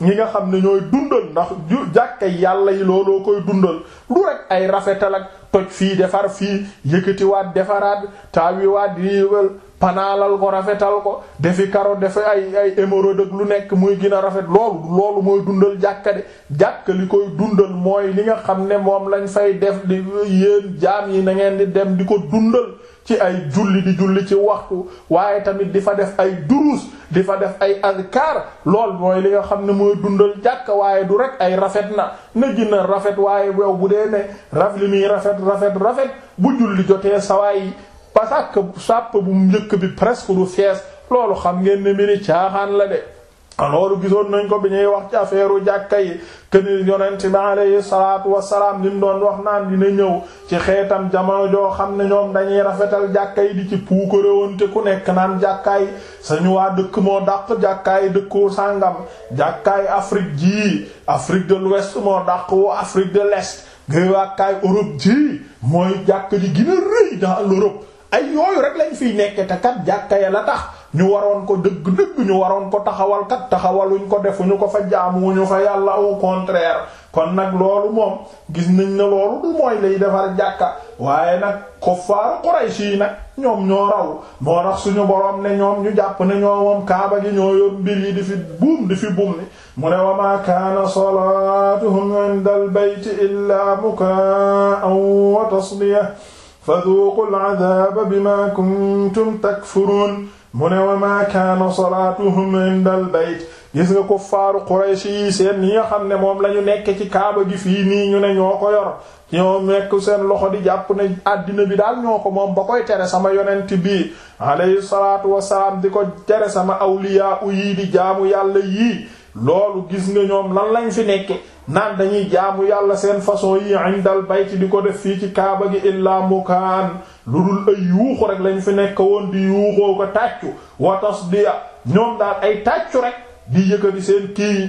A: ñi nga xam ne ñooy dundal ndax jàkkay yàlla yi looloo koy dundal lu rek ay rafetal ak fii defar fii yëkkatiwaat defaraat taawiwaat yiwal panaalal ko rafetal ko defi karo defi ay ay émeraude lu nekk muy gën a rafet loolu loolu mooy dundal jàkka de jàkka li koy dundal mooy li nga xam ne moom lañ fay def di yéen jaam yi na ngeen di dem di ko dundal ci ay julli di julli ci waxtu waaye tamit di fa def ay duruus di fa def ay azkar lool mooy li nga xam ne mooy dundal jàkk waaye du rek ay rafet na na gën rafet waaye yow bu dee ne raf li muy rafet rafet rafet bu julli jotee sawaay parce que sàpp bu njëkk bi presque du fees loolu xam ngeen ne mbiri caaxaan la de loolu gisoon nañ ko bi ñuy wax ci affaire jàkka yi këni yonent bi alayhi salaatu wasalaam li mu doon wax naan dina ñëw ci xeetam jamono joo xam ne ñoom dañuy rafetal jàkka yi di ci puukarewante ku nekk naan jàkkaay sañu waa dëkk moo dàq jàkkaay dëkku sàngam jàkkaay Afrique jii Afrique de l'Ouest moo dàq woo Afrique de l'Est gëy waakaay Europe jii mooy jàkk ji gën a ay yooyu rek lañ fiy nekke te kat jàkka ya la tax ñu waroon ko dëgg-dëgg ñu waroon ko taxawal taxawaluñ ko defuñu ko fa jaamuwuñu fa yàlla au contraire kon nag loolu moom gis nañ ne loolu du mooy lay defar jàkka waaye nag kuffaaru Quraysh yi nag ñoom ñoo raw moo tax suñu borom ne ñoom ñu jàpp ne ñoo moom kaaba gi ñoo yor mbir yi di fi buum di fi buum ni mu ne wa ma kaana salaatuhum inda al bayti illaa mukaa'an wa tasdiya faduuqu bi bima kuntum takfuruun mu ne wa maa kaana salaatuhum inda albayt gis nga kuffaaru Quraysh yi seen ñi nga xam ne moom lañu nekke ci kaaba gi fii nii ñu ne ñoo ko yor ñoo nekk seen loxo di jàpp ne àddina bi daal ñoo ko moom ba koy tere sama yonent bi alayhi salaatu wasalaam di ko tere sama awliyaa yi di jaamu yàlla yii loolu gis nga ñoom lan lañ fi nekke naan dañuy jaamu yàlla seen façon yi indal bayt di ko def ci kaaba gi illaa mukaan lu dul ay yuuxu rek lañu fi nekk woon di yuuxoo ko tàccu wa a ñoom daal ay tàccu rek di yëkkati seen kii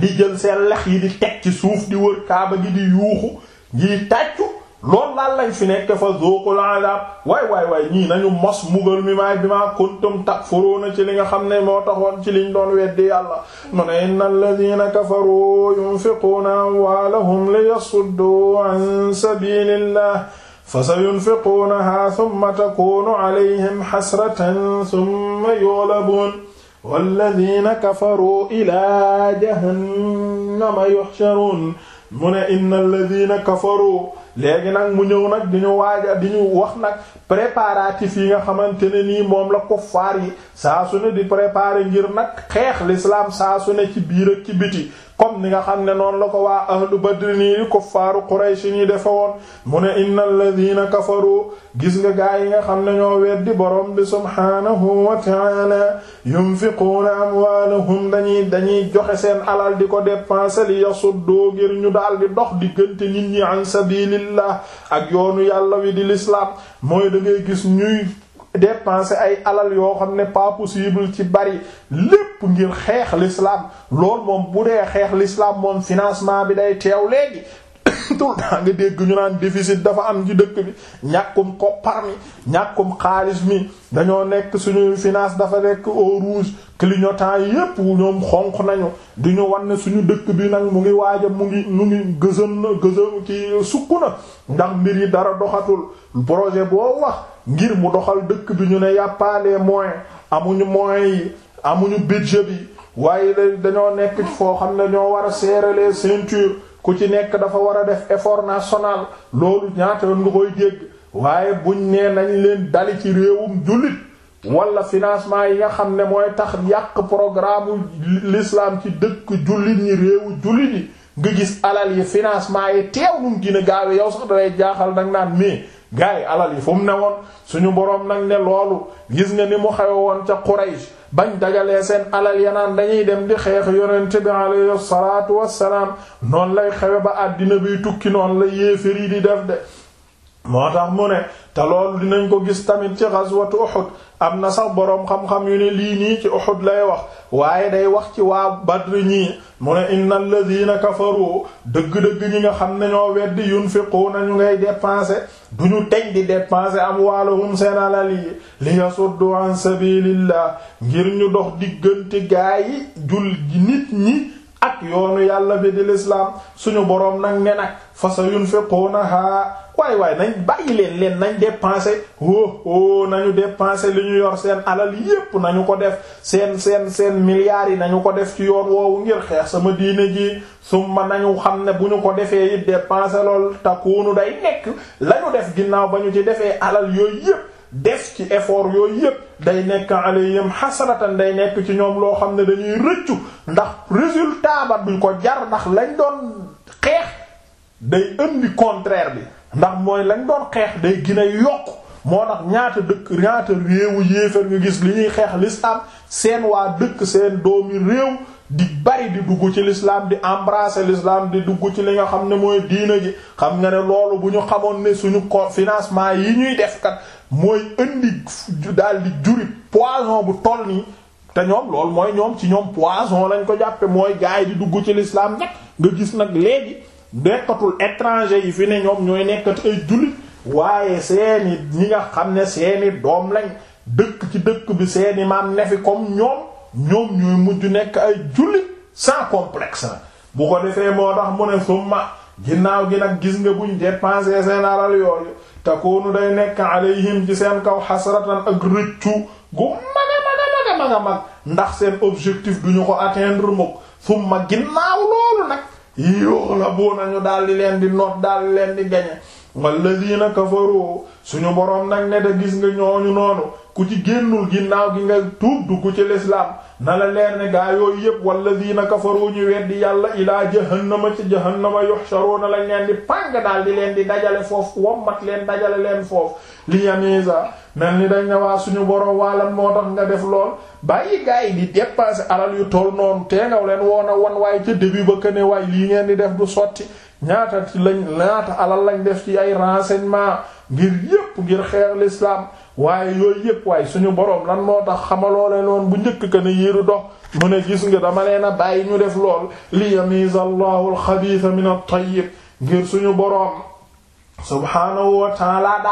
A: di jël seen lex yi di teg ci suuf di wër kaaba gi di yuuxu ngi tàccu loolu daal lañ fi nekk fa zuuqul adab waay waay waay ñii nañu mos mbugal mi maay bi maa kuntum takfuruuna ci li nga xam ne moo taxoon ci liñ doon weddi yàlla mu ne inna alladina kafaru yunfiquuna amwaalahum liyasuddu an sabilillah fa sayunfiquunaha thumma takuunu alayhim hasratan thumma yughlabuun walladina kafaru ila jahannama yuhsharuun mu ne inna alladina kafaru léegi nag mu ñëw nag di ñu waaja di ñu wax nag préparatifs yi nga xamante ne nii moom la kuffaar yi saa su ne di préparer ngir nag xeex l'islam saa su ne ci biir ak ci biti comme ni nga xam ne noonu la ko waa ahlu badri nii kuffaaru qurayshi nii defe woon mu ne inna alladina kafaru gis nga gaa yi nga xam ne ñoo weddi borom bi subhaanahu wa ta'ala yunfiquuna amwaalahum dañuy dañuy joxe seen alal di ko dépenser li yasuddu ngir ñu daal di dox diggante nit ñi an sabilillah ak yoonu yàlla wi di lislaam mooy da ngay gis ñuy dépenser ay alal yoo xam ne pas possible ci bari lépp ngir xeex l'islam lool moom bu dee xeex lislaam moom financement bi day teew léegi tout temps nga dégg ñu naan déficit dafa am ci dëkk bi ñàkkum koppar mi ñàkkum xaalis mi dañoo nekk suñuy finance dafa nekk au rouge clignotants yépp ñoom xonq nañu du ñu wan ne suñu dëkk bi nag mu ngi waaj mu ngi mu ngi gësëm na gësëm ki sukk na ndax mbir yi dara doxatul projet boo wax ngir mu doxal dëkk bi ñu ne y a amuñu moyens yi amuñu budget yi waaye dañoo nekk foo xam ne ñoo war a serrer les ceintures ku ci nekk dafa war a def effort national loolu ñaata nga koy dégg waaye buñ nee nañ leen dali ci réewum jullit wala financement yi nga xam ne mooy tax yàq programme l'islam ci dëkk jullit ñi réewu jullit yi nga gis alal yi financement yi teew nu mu gën a gaawe yow sax dalay jaaxal nag naan mais gars yi alal yi fu mu ne suñu boroom nag ne loolu gis nga ni mu xewe woon ca Quraysh bañ dagalee seen alal ya naan dañuy dem di xeex yonent bi alayhi salaatu wassalaam noonu lay xewe ba àddina biy tukki noonu la yéefar yi di def de moo tax mu ne te loolu dinañ ko gis tamit ci ghazwatu Uhud am na sax boroom xam-xam yu ne lii nii ci Uhud lay wax waaye day wax ci waa Badr ñii mu ne innal ladina kafaru dëgg-dëgg ñi nga xam ne ñoo weddi yunfiquna ñu ngay dépenser du ñu teñ di dépenser amwaalahum seen alal yi li yasuddu an sabilillah ngir ñu dox diggante gaa yi jul nit ñi ak yoonu yàlla bi di lislaam suñu boroom nag ne nag fa sa yunfiqunaha waay waay nañ bàyyi leen leen nañ dépenser oh oh nañu dépenser li ñu yor seen alal yépp nañu ko def seen seen seen milliards yi nañu ko def ci yoon woowu ngir xeex sama diine ji summa nañu xam ne bu ñu ko defee it dépenser lool takkuunu day nekk lañu def ginnaaw ba ñu ci defee alal yooyu yépp def ci effort yooyu yépp day nekk alayhim xasanatan day nekk ci ñoom loo xam ne dañuy rëccu ndax résultat ba duñ ko jar ndax lañ doon xeex day indi contraire bi ndax mooy lañ doon xeex day gina yokk moo tax ñaata dëkk ñaata réewu yéefar nga gis li ñuy xeex l'islam seen waa dëkk seen doomi réew di bari di dugg ci l'islam di embrasser l'islam di dugg ci li nga xam ne mooy diina ji xam nga ne loolu bu ñu xamoon ne suñu co financement yi ñuy def kat mooy indi daal di juri poison bu toll nii te ñoom lool mooy ñoom ci ñoom poison lañ ko jàppe mooy gaay di dugg ci l'islam nag nga gis nag léegi nekkatul étranger yi fi ne ñoom ñooy nekkat ay jullit waaye seeni ñi nga xam ne seeni doom lañ dëkk ci dëkk bi seeni maam ne fi comme ñoom ñoom ñooy mujj nekk ay jullit sans complexe na bu ko defee moo tax mu ne summa ginnaaw gi nag gis nga buñ dépensé seen alal yooyu te takoonu day nekk alayhim ci seen kaw xasratan ak rëccu gu mag a mag a mag a mag a mag ndax seen objectif duñu ko atteindre mukk summa ginnaaw loolu nag yoo la boo nañu daal di leen di noot daal di leen di gañe walladina kafaru suñu boroom nag ne da gis nga ñooñu noonu ku ci génnul ginnaaw gi nga tuub dugg ci l'islam na la leer ne gaa yooyu yépp walladina kafaru ñu weddi yàlla ilaa jahannama ci jahannama yuhsharuna lañ leen di pàng daal di leen di dajale foofu wommat leen dajale leen foofu li yamiza mel ni dañ ne waa suñu borom waalan moo tax nga def lool bàyyi gaa yi di dépasser alal yu toll noonu te ngaw leen woon a wan waaye ca début ba këne waay lii ngeen di def du sotti ñaata lañ ñaata alal lañ def ci ay renseignement ngir yépp ngir xeex l'islam waaye yooyu yëpp waaye suñu boroom lan moo tax xamaloo leen woon bu njëkk ka ne yiiru dox mu ne gis nga dama leen a bàyyi ñu def lool li yamiza allahu alxabiisa min suñu boroom subhaanahu wa taala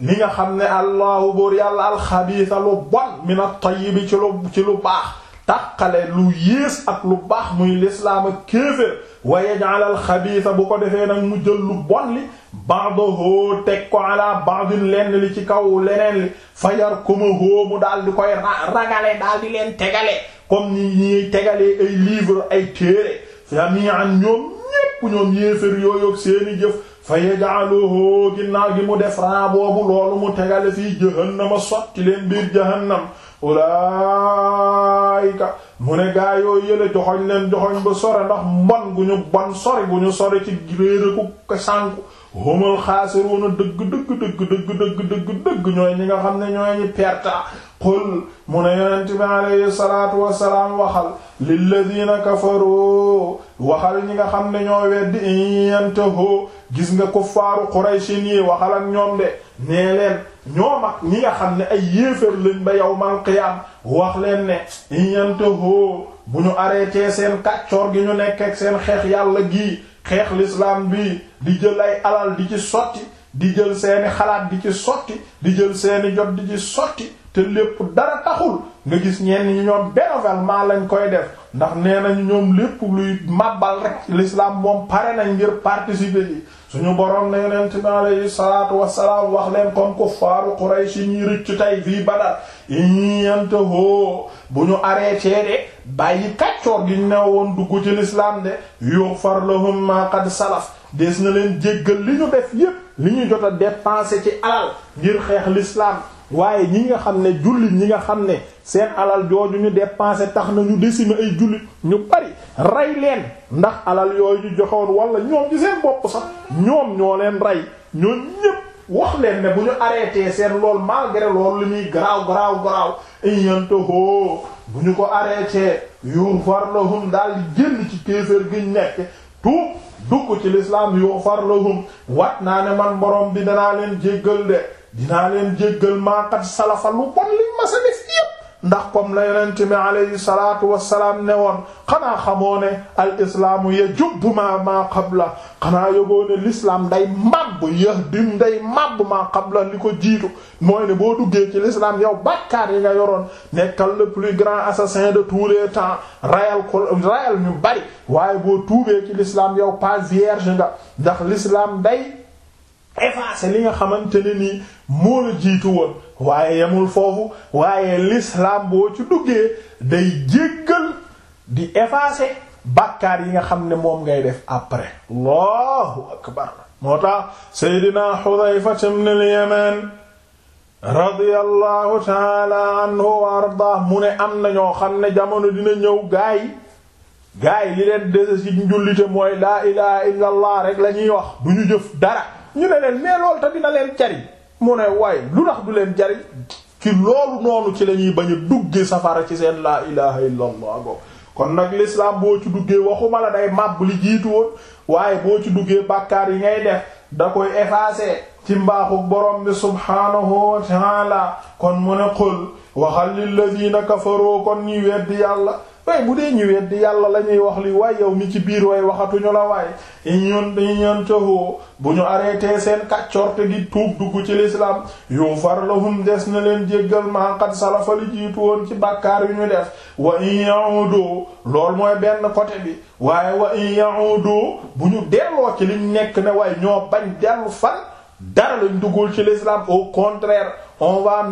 A: nga xam ne allahu buur yàlla alxabiisa lu bon min at-tayyib ci lu ci lu baax tàqale lu yées ak lu baax muy lislaam ak kéeféer wa yaj'al al xabiisa bu ko defee nag mu jël lu bon li ba'dahu teg ko ala ba'din lenn li ci kaw leneen li fajar kumahu mu daal di koy ragale daal di leen tegale comme ni ñuy tegalee ay livre ay téere jami'an ñoom ñépp ñoom yéeféer yooyu ak seeni jëf fa yaj'aluhu ginnaaw gi mu def raa boobu loolu mu tegale fii jahannama sotti leen biir jahannam ulaayika mu ne gaa yoo yële joxoñ leen joxoñ ba sore ndax mbon gu ñu bon sori gu ñu sori ci réer ku ko sànku humal xaasiruuna dëgg dëgg dëgg dëgg dëgg dëgg dëgg ñooy ñi nga xam ne ñooy ñi perte qul mu ne yonent bi alayhi salaatu wassalaam waxal lilladina kafaru waxal ñi nga xam ne ñoo weddi in yantahu gis nga ko kuffaaru quraysin yi waxal ak ñoom de nee leen ñoo mag ñi nga xam ne ay yéefér lañ ba yow yawmal qiyaam wax leen ne in yantahu bu ñu arrêté seen kàccoor gi ñu nekk ak seen xeex yàlla gii xeex l'islam bi di jël ay alal di ci sotti di jël seeni xalaat di ci sotti di jël seeni jot di ci sotti te lépp dara taxul nga gis ñenn ñi ñoom bénévolement lañ koy def ndax nee nañu ñoom lépp luy màbbal rek l'islam moom pare nañ ngir participer yi suñu boroom na yonent bi alayhi salaatu wassalaam wax leen comme kuffaaru Quraysh ñi rëcc tey fii Badar in yantahu bu ñu arrêté de bàyyi kàccoor gi ñu ne woon dugg ci l'islam de yughfar lahum ma qad salaf des na leen jéggal li ñu def yépp li ñu jot a dépensé ci alal ngir xeex lislaam waaye ñi nga xam ne jullit ñi nga xam ne seen alal jooju ñu dépensé tax na ñu décimer ay jullit ñu bari rey leen ndax alal yooyu ñu joxewoon wala ñoom ci seen bopp sax ñoom ñoo leen rey ñoom ñépp wax leen ne bu ñu arrêté seen lool malgré loolu li ñuy garaaw garaaw garaaw iyantaho bu ñu ko arrêté yufar lahum daal di génn ci kéeféer gi nekk tuub dugg ci l'islam yufar lahum wat naa ne man borom bi danaa leen jéggal de dinaa leen jéggal maakat salafa lu bon li ma sa def ndax comme la yonent bi alayhi wassalaam ne woon xanaa xamoo ne al islaamu yajubbu ma maa qabla xanaa yogoo l'islam day màbb yahdim day màbb maa qabla li ko jiitu mooy ne boo duggee ci l'islam yow bàkkaar yi yoroon nekkal le plus grand assassin de tous les temps rayal ko bari waaye boo tuubee ci l'islam yow pas vierge nga ndax l'islam day effacer li nga xamante ne nii moo la jiitu woon waaye yemul foofu waaye l'islam boo ci duggee day jéggal di effacer bàkkaar yi nga xam ne moom ngay def après allahu akbar moo tax seydina Hudayfa ibn al-Yaman radiyallahu taala anhu arda mu ne am na ñoo xam ne jamono dina ñëw gaay gaay li leen dese ci njullite mooy laa ilaha illa allah rek la wax du ñu jëf dara ñu ne leen mais loolu te dina leen jariñ mu ne waaye lu tax du leen jariñ ci loolu noonu ci lañuy ñuy bañ duggee safara ci seen laa ilaha illa allah kon nag lislaam boo ci duggee waxuma la day màbb li jiitu waaye boo ci duggee bàkkaar yi ngay def da koy effacer ci mbaaxu borom bi subhaanahu wa taala kon mu ne qul waxal lilladina kafaroo kon ñi weddi yàlla waaye bu dee ñu weddi yàlla la ñuy wax li waay yow mi ci biir way waxatuñu la waaye iñoon iñoon cahoo bu ñu te seen kàccorte gi tuub dugg ci l'islam yu far lahum des na leen jéggal manqat salafa li jiitu woon ci bàkkaar yu ñu def wa in doo lool mooy benn côté bi waaye wa in ya'udu bu ñu delloo ci liñ nekk ne waaye ñoo bañ dellu fan dara lañ duggul ci l'islam au contraire on va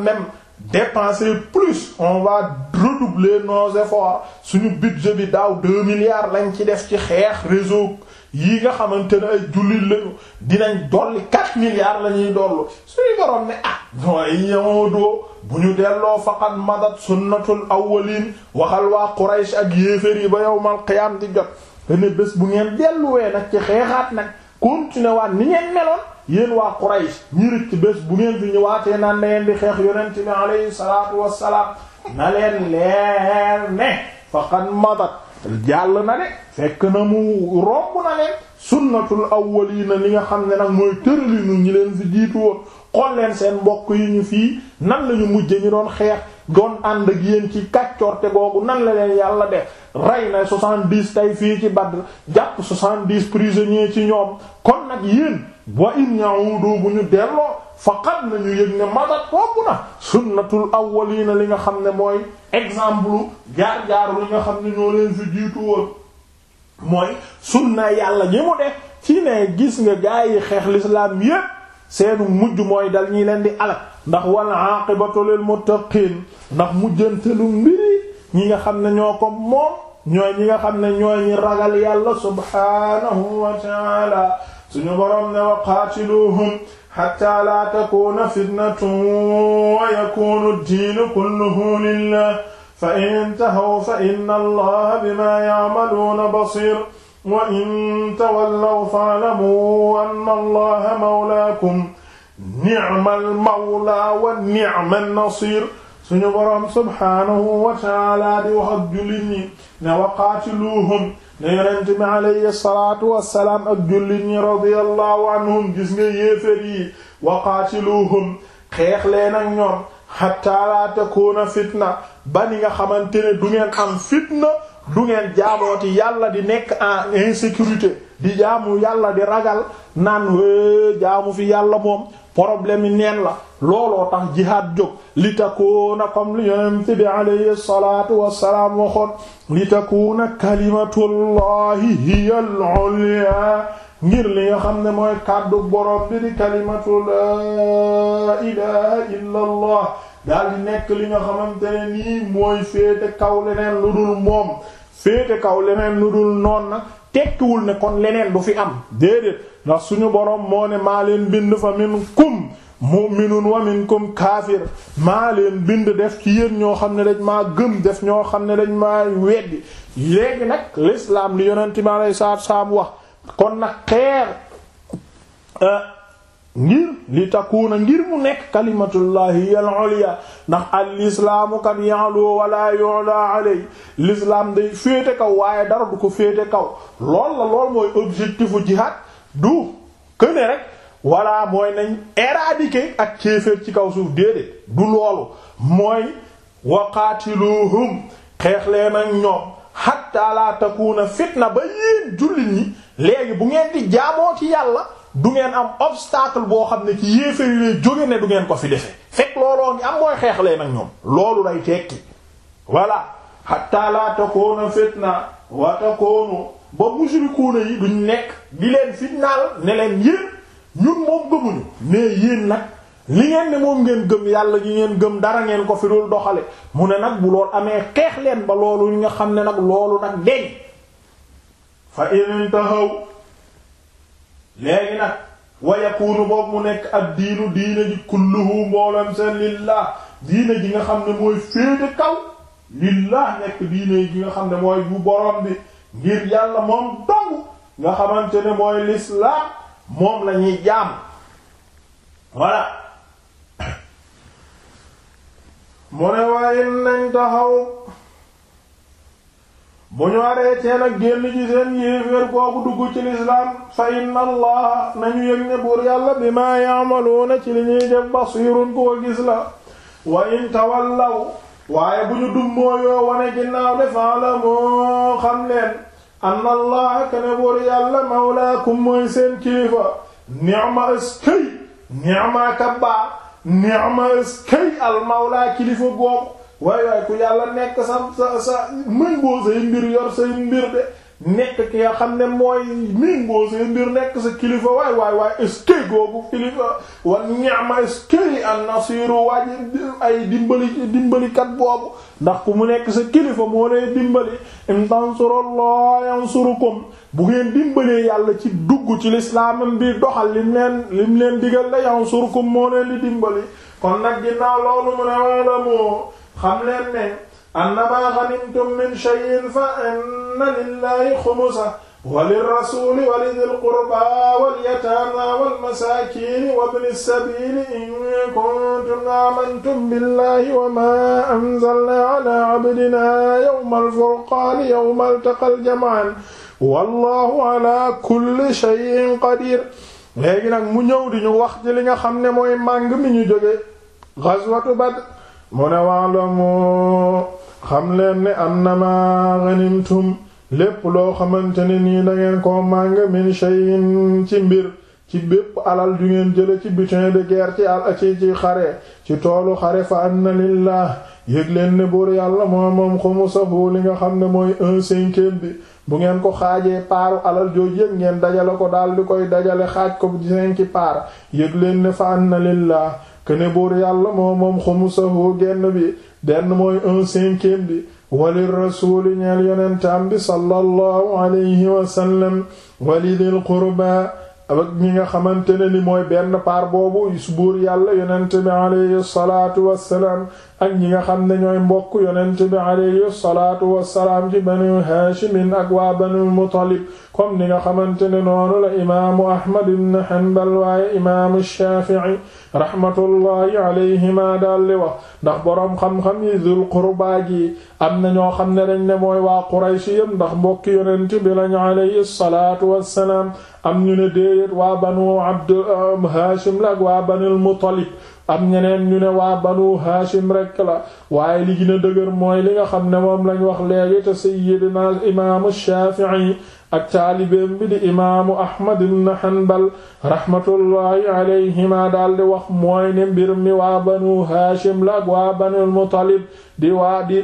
A: dépenser plus on va redoubler nos efforts suñu budget bi daaw deux milliards lañ ci def ci xeex réseau yi nga xamante ne ay jullit lañu dinañ dolli quatre milliards la ñuy dollu suñu borom ne ah mooy yow doo bu ñu delloo faqat madat sunnatul awwalin waxal waa Quraysh ak yéeféer yi ba yow yawmal qiyaam di jot te ne bés bu ngeen delluwee nag ci xeexaat nag continuer waat ni ngeen meloon. yéen waa Quraysh ñi rëcc bés bu ngeen fi ñëwaatee naan na ngeen di xeex yonent bi alayhi salaatu wassalaam na leen leer ne faqad madat jàll na ne fekk na mu romb na leen sunnatul awwaliina li nga xam ne nag mooy tëralinu ñi leen fi jiitu woon xool leen seen mbokk yi ñu fii nan lañu mujje ñu doon xeex doon ànd ak yéen ci kàccoorte googu nan la leen yàlla def rey na soixante-dix tey fii ci Badr jàpp soixante-dix prisonniers ci ñoom kon nag yéen wa in ya'udu bu ñu delloo faqad nañu yëg ne madat topp na sunnatul awwalina li nga xam ne mooy exemple jaar-jaaru li nga xam ne ñoo leen fi jiitu woon mooy sunna yàlla ñi mu def ci ne gis nga gaay yi xeex lislaam yépp seenu mujj mooy dal ñi leen di alak ndax wal aqibatu lil muttaqin ndax mujjantelu mbiri ñi nga xam ne ñoo ko moom ñooy ñi nga xam ne ñooy ñi ragal yàlla subhanahu wa suñu boroom ne wa qaatiluhum hatta la takuna fitnatun wa yakunu diinu kulluhu lillah fa in tahaw fa inna allaha bima ya'maluna basir wa in tawallaw fa'lamu anna allaha mawlaakum ni'mal mawla wa ni'man nasir suñu boroom subhaanahu wa ta'ala di wax ak jullit ñi ne wa qaatiluhum ne yonent bi alayhi salaatu wassalaam ak jullit ñi radiyallahu anhum gis nga yéefér yi wa qaatiluhum xeex leen ak ñoom hatta la fitna ba ni nga xamante ne du am fitna du ngeen jaamooti yàlla di nekk en insécurité di jaamu yàlla di ragal naan wé jaamu fi yàlla moom problème yi neen la looloo tax jihaad jóg li takuuna comme li yonent bi alayhi salaatu wassalaam waxoon li takuuna kalimatullahi hiya al-ulya ngir nga xam ne mooy kàddu borom illa allah daal di nekk li nga xamante ne nii mooy féete kaw leneen lu moom féete kaw leneen lu noon nag tekkiwul ne kon leneen du fi am déedéet ndax suñu boroom moo ne maa leen bind fa minkum mu'minun wa minkum kaafir maa leen bind def ci yéen ñoo xam ne dañ maa gëm def ñoo xam ne dañ maa weddi léegi nag l'islam li yonent mi alayhi salaatu wax kon nag xeer euh, ngir li takuuna ngir mu nekk kalimatullahi al ulya ndax al islaamu kan ya'lu wala yu'la alay l'islam day féete kaw waaye dara du ko féete kaw lool la lool mooy objectifu jihad du këne rek wala mooy nañ éradiquer ak kéeféer ci kaw suuf déedéet du loolu mooy waqaatiluhum xeex leen ak ñoom hatta la fitna ba yeen jullit ñi léegi bu ngeen di jaamoo ci yàlla du ngeen am obstacle boo xam ne ci yéefar yi jóge ne du ngeen ko fi defee fekk looloo ngi am mooy xeex leen ak ñoom loolu lay tekki voilà hatta la takoona fitna wa takoonu ba mushrikuuna yi duñ nekk di leen fitnaal ne leen yéen ñun moom gëmuñu mais yéen nag li ngeen ne moom ngeen gëm yàlla gi ngeen gëm dara ngeen ko fi dul doxale mu ne nag bu lool amee xeex leen ba loolu ñu nga xam ne nag loolu nag deñ fa in intahaw léegi nag wa yakunu boobu mu nekk ak diinu diina ji kulluhu mboolem seen lillah diina ji nga xam ne mooy féete kaw lillah nekk diine ji nga xam ne mooy bu borom bi ngir yàlla moom dong nga xamante ne mooy lislaam moom lañuy ñuy jaam voilà mu ne waaye nañ taxaw bu ñu arrêté nag génn ci seen yéeféer boobu dugg ci lislaam fa inna allah nañu yëg ne buur yàlla bi maa yaamaluuna ci li ñuy def basiirun ku ko la wa in tawallaw waaye bu ñu dummóo yoo wane ginnaaw de faalamoo xam leen anna allah ka ne buur yàlla seen kilifa ni'ma askay ni'ma kabba ni'ma askay al kilifa googu waaye waaye ku yàlla nekk sa sa sa méngoo say mbir yor say mbir de nekk ki nga xam ne mooy méngoo say mbir nekk sa kilifa waay waay waay est kilifa wa ni'ma est-ce que an-nasiru dimbali ay dimbali dimbalikat boobu ndax ku mu nekk sa kilifa moo lay dimbali in tansurullaha yansurukum bu ngeen dimbalee yàlla ci dugg ci lislaamam bi doxal lim leen lim leen digal la yansurukum moo leen di dimbali kon nag ginnaaw loolu mu ne wala moo xam leen ne annama ghanimtum min shay'in fa anna lillahi khumusa wa lirrasuli wa lidhil qurba wal yatama wal masakin wa ibni sabili in kuntum amantum billahi wa ma anzalna ala abdina yawmal furqani yawmal taqal jam'an wallahu ala kulli shay'in qadir léegi nag mu ñëw di ñu wax ci li nga xam ne mooy màng mi ñu jóge ghazwatu Badr mu ne wa'lamu xam leen ne annama ghanimtum lépp loo xamante ne nii da ngeen ko màng min shay'in ci mbir ci bépp alal ju ngeen jële ci butin de guerre ci al ci ci xare ci toolu xare fa anna lillah yëg leen ni buur yàlla moom moom xumusahu li nga xam ne mooy un cinquième bi bu ngeen ko xaajee paaru alal jooju yëg ngeen dajale ko daal di koy dajale xaaj ko cinq paar yëg leen ne fa anna lillah këne buur yàlla moo moom xumusahu genn bi benn mooy un bi walil rasuuli ñeel yonentam bi sallallahu alayhi wasallam walidil qurba ak ñi nga xamante ne ni mooy benn par boobu buur yàlla yonent bi alayhi salaatu ak ñi nga xam ne ñooy mbokk yonent bi alayhi salaatu wassalaam ci banu haashimin ak waa banu mutalib comme ni nga xamante ne noonu la imaamu ahmad ibn hanbal waaye imaamu shaafi'i rahmatullahi alayhima daldi wax ndax boroom xam-xam yi dul qurbaa gi am na ñoo xam ne dañ ne mooy waa quraysh yam ndax mbokki yonent bi lañu alayhi salaatu wassalaam am ñu ne déedéet waa banu abd haashim la ak waa banul mutalib am ñeneen ñu waa banu haashim rekk la waaye li gën a dëgër mooy li nga xam ne moom lañ wax léegi te sayyidina a shaafi'i ak taalibeem bi di a ahmad ibn hanbal rahmatullahi alayhima daal di wax mooy ne mbir waa banu haashim la ak waa banul mutalib di waa di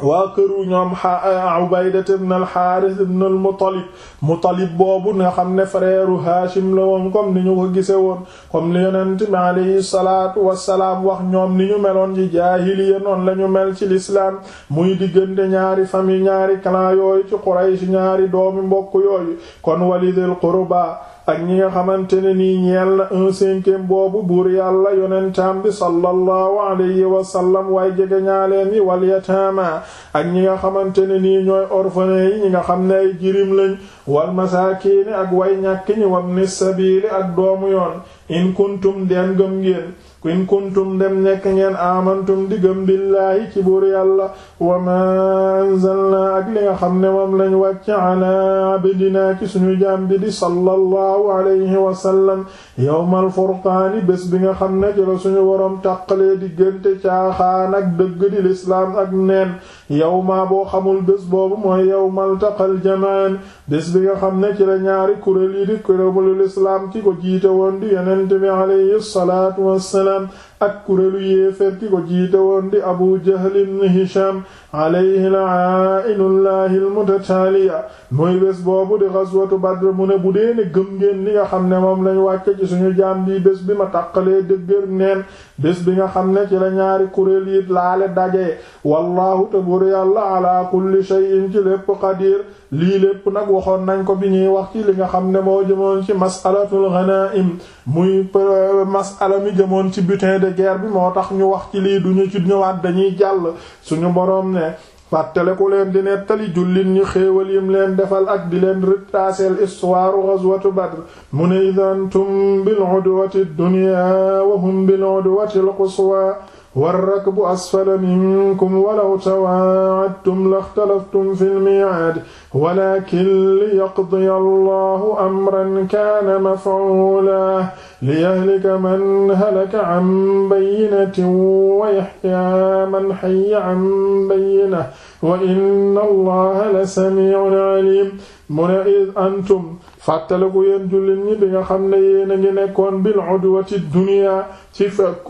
A: waa këru ñoom eh, Ubaydat ibn al-Harith ibn al-Muttalib Muttalib boobu nga xam ne frère Hachim la woon comme ni ñu ko gise woon comme li yonent bi alayhi salaatu wassalaam wax ñoom ni ñu meloon ci jaahiliya noonu la ñu mel ci lislaam muy diggante ñaari famille ñaari clan yooyu ci Quraysh ñaari doomi mbokk yooyu kon walidil qurba ak ñi nga xamante ne nii ñeel na un cinquième boobu buur yàlla yonentam bi sallallahu alayhi wa sallam waaye jege ñaaleen yi wal yataama ak ñi nga xamante ne nii ñooy orphelins yi ñi nga xam ne ay jirim lañ wal masaakiini ak way ñàkk ñi wabni sabiili ak doomu yoon in kuntum den gëm ngeen in kuntum dem nekk ngeen amantum diggam billaahi ci buur yàlla wa ma anzalna ak li nga xam ne moom lañ wàcc ala abdina ci bi di sallallahu alayhi wa sallam yawmal bi nga xam ne ci la suñu woroom tàqalee diggante caaxaan ak dëgg di lislaam ak neen yawma boo xamul bés boobu mooy yawmal taqal jamaan bés bi nga xam ne ci la ñaari kuréel yi di kuréelu lislaam ki ko jiite woon di yonent bi alayhi salaatu salaam ak kuréelu yéefér ki ko jiite woon di abu jahl ibn hisham alayhi la'ainullahi almutataaliya mooy bés boobu di ghazwatu badr mu ne bu deene gëm ngeen li nga xam ne moom lañ wàcce ci suñu jaam bi bés bi ma tàqalee dëggër neen bés bi nga xam ne ci la ñaari kuréel yi laale daje wallahu te bur la ala kulli shay'in ci lépp qadir li lépp nag waxoon nañ ko bi ñuy wax ci li nga xam ne moo jëmoon ci mas'alatul ghanaim muy euh, mas'ala mi jëmoon ci butin de guerre bi moo tax ñu wax ci lii ñu ci ñëwaat dañuy jàll suñu boroom ne fàttale ku leen di nettali jullit ñi xéewal yim leen defal ak di leen rëttaaseel histoire ghazwatu Badr mu ne idantum bil udwati dunya wa hum bil udwati al quswa والركب أسفل منكم ولو تواعدتم لاختلفتم في الميعاد ولكن ليقضي الله أمرا كان مفعولا ليهلك من هلك عن بينة ويحيى من حي عن بينة وإن الله لسميع عليم mu ne إذ أنتم fàttaliku yéen jullit ñi bi nga xam ne yéen a ngi nekkoon bil udwati dunya ci fekk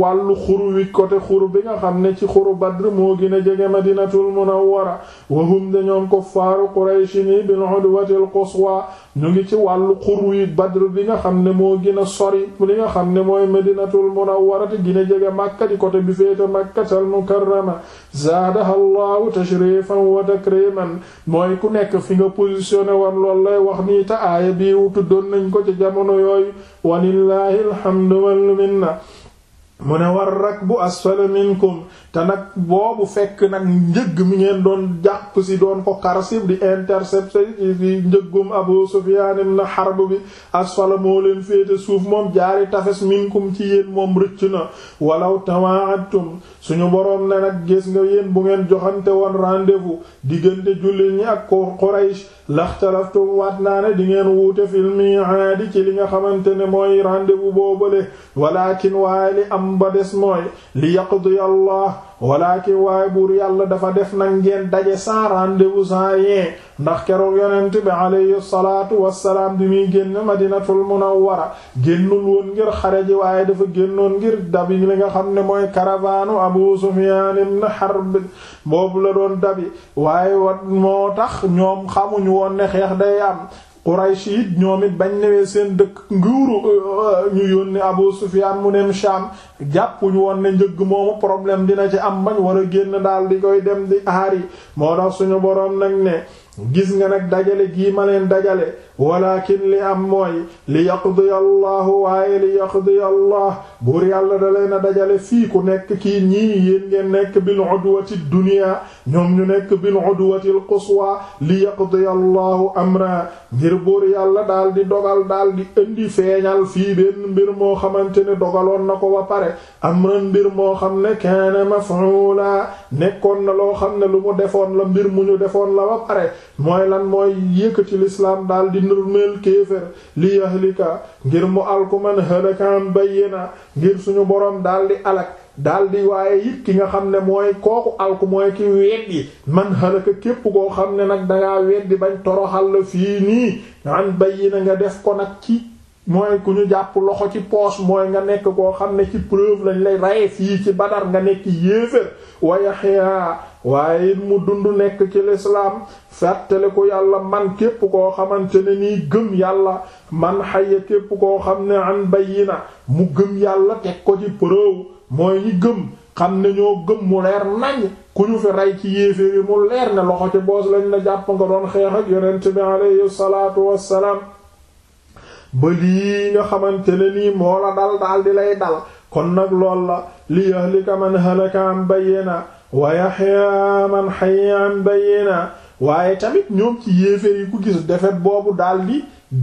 A: wàllu xuru wi côté xuru bi nga xam ne ci xuru Badr moo gën a jege Madinatul Munawwara wa hum de ñoom kuffaaru Quraysh ni bil udwati al quswa ñu ngi ci wàllu xuru yi badr bi nga xam ne moo gina a sori li nga xam ne mooy madinatul munawwara te gën a jege màkka di côté bi féete màkkatal mukarrama zaadaha llahu tashrifan wa takriman mooy ku nekk fi nga positionné woon loolu lay wax nii te aaya bii tuddoon nañ ko ci jamono yooyu walillahi alhamdu wal minna mu ne war rakbu asfala minkum te nag boobu fekk nag njëgg mi ngeen doon jàpp si doon ko xarasib di intercepter di njëggum Abu Sufyan ibn Harb bi asfala moo leen féete suuf moom jaari tafes minkum ci yéen moom rëcc na walaw tawa'adtum suñu boroom ne nag gis nga yéen bu ngeen joxante woon rendez-vous diggante jullit ñi ak ko Quraysh laxtalaftum waat naa di ngeen wuute fil mi'aadi ci li nga xamante ne mooy rendez-vous boobale walakin waaye li am ba des mooy li yaqdi Allah walaakin waaye buur yàlla dafa def nag ngeen daje sans rendez-vous sans rien ndax keroog yonent bi alayhi salaatu wassalaam bi muy génn madinatul munawwara génnul woon ngir xare ji waaye dafa génnoon ngir dabi li nga xam ne mooy caravane Abu Sufyaan ibn Harb boobu la doon dabi waaye wat moo tax ñoom xamuñu woon ne xeex day am Quraysh it ñoom it bañ newee seen dëkk nguuru euh, ñu yónni Abu Sufyaan mu nem Shaam jàppuñu woon ne njëg moomu problème dina ci am bañ war a génn daal di koy dem di aar yi moo tax suñu boroom nag ne gis nga nag dajale gii ma leen dajale walakin li am mooy li yaqdi allahu waaye li yaqdi allah buur yàlla da leen a dajale fii ku nekk kii ñii yéen ngeen nekk bil udwati dunya ñoom ñu nekk bil udwati al quswa li yaqdi allahu amra ngir buur yàlla daal di dogal daal di indi feeñal fii benn mbir moo xamante ne dogaloon na ko ba pare amran mbir moo xam ne kaana maf'ula nekkoon na loo xam ne lu mu defoon la mbir mu ñu defoon la ba pare mooy lan mooy yëkkati lislaam daal di nërmeel kéefér li yahlika ngir mu alku man halakam na ngir suñu boroom daldi alak daldi waaye it ki nga xam ne mooy kooku alku mooy ki weddi man halaka képp koo xam ne nag dangaa weddi bañ toroxal la fii nii an na nga def ko nag ci mooy ku ñu jàpp loxo ci poos mooy nga nekk koo xam ne ci preuve lañ lay raye fii ci Badar nga nekk yéefér wa Yahya waaye it mu dund nekk ci lislaam fàttale ko yàlla man képp koo xamante ne nii gëm yàlla man xaya képp koo xam ne an bayyina mu gëm yàlla teg ko ci preuve mooy ñi gëm xam ne ñoo gëm mu leer nañ ku ñu fi rey ci yéeféer yi mu leer ne loxo ci boos lañ la jàpp nga doon xeex ak yonent bi alayhi salaatu wassalaam ba lii nga xamante ne nii moo la dal daal di lay dal kon nag lool la li yahlika man halaka an bayyina waaye yaxya man hayya an bayyina waaye tamit ñoom ci yéeféer yi ku gis defet boobu daldi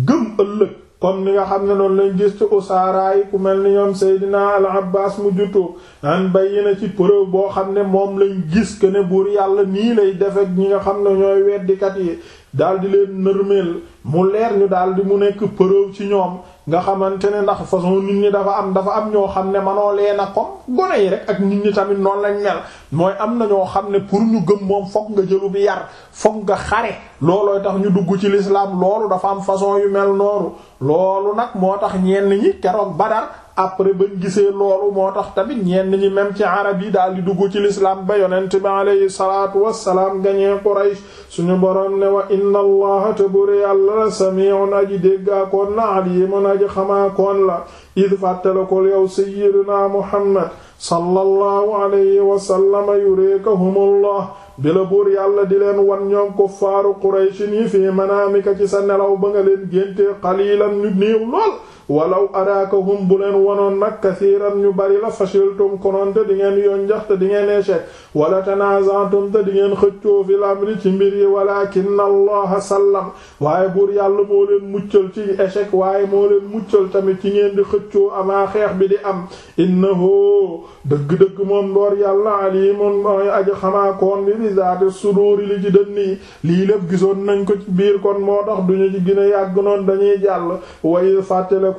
A: gëm ëllëg comme ni nga xam ne noonu lañ gis ci usaara ku mel ni ñoom seydinaa al Abbas mu jutoo an bayyina ci preuve boo xam ne moom lañ gis que ne buur yàlla nii lay defek ñi nga xam ne ñooy weddikat yi daal di leen nërmeel mu leer ñu daal di mu nekk preuve ci ñoom nga xamante ne ndax façon nit ñi dafa am dafa am ñoo xam ne manoo leen a comme gone yi rek ak nit ñi tamit noonu lañ mel mooy am na ñoo xam ne pour ñu gëm moom fokk nga jëlu bi yar fokk nga xare loolooy tax ñu dugg ci lislaam loolu dafa am façon yu mel nooru loolu nag moo tax ñenn ñi keroog Badar après bañ gisee loolu moo tax tamit ñenn ñi même ci arab yi daal di dugg ci l'islam ba yonent bi alayhi salaatu wassalaam gañee Quraysh suñu boroom ne wa inna allaha taburi yàlla la sami'un aji déggaakoon la alimun aji xamaakoon la id fàttalakol yow sayyiduna Muhammad sallallahu alayhi wasallama yureekahumullah bi la buur yàlla di leen wan ñoom kuffaaru Quraysh yi fii manaamika ci sa nelaw ba nga leen géntee lool walaw araakahum bu leen wanoon nag kasiiran ñu bari la fashiltum konoon te di ngeen yoon njax te di ngeen échec wala tanaasantum te di ngeen xëccoo fil amri ci mbir yi walakin allaha sallam waaye buur yàlla moo leen muccal ci échec waaye moo leen muccal tamit ci ngeen di xëccoo amaa xeex bi di am innahu dëgg-dëgg moom boor yàlla alimun mooy aji xamaakoon bi bi zaati suduuri li ci dënn yi lii lépp gisoon nañ ko ci biir kon moo tax duñu ci gën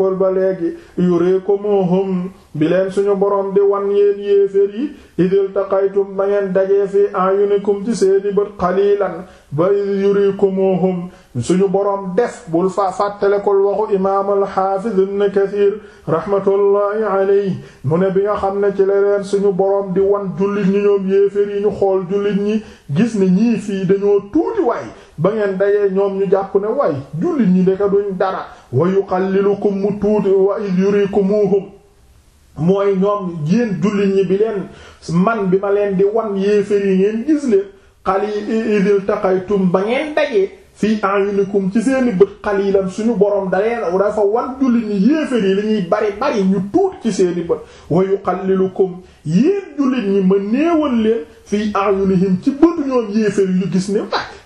A: tàkkool ba léegi yureekumuhum bi leen suñu borom di wan yéen yéeféer yi idil taqaytum ba ngeen dajee fi ayunikum ci seeni bët qalilan ba yurikumuhum suñu borom def bul fa fàttalekul waxu imaam al-Hafiz ibn Kathir rahmatullahi alayhi mu ne bi nga xam ne ci la suñu borom di wan jullit ñi ñoom yéeféer yi ñu xool jullit ñi gis ne ñii fii dañoo tuuti waay ba ngeen dayee ñoom ñu jàpp ne way jullit ñi ndeka duñ dara wa yuqallilukum mu tuuti wa iz yurikumuhum mooy ñoom yéen jullit ñi bi leen man bi ma leen di wan yéefér yi ngeen gis leen xal yi idil taqaytum ba ngeen dajee fii ayunikum ci seeni bët xalilan suñu borom daleen dafa wan jullit ñi yéefér yi li bari bari ñu tuut ci seeni bët wa yuqallilukum yéen jullit ñi ma néewal leen fii ayunihim ci bëtu ñoom yéefér yi ñu gis ni waay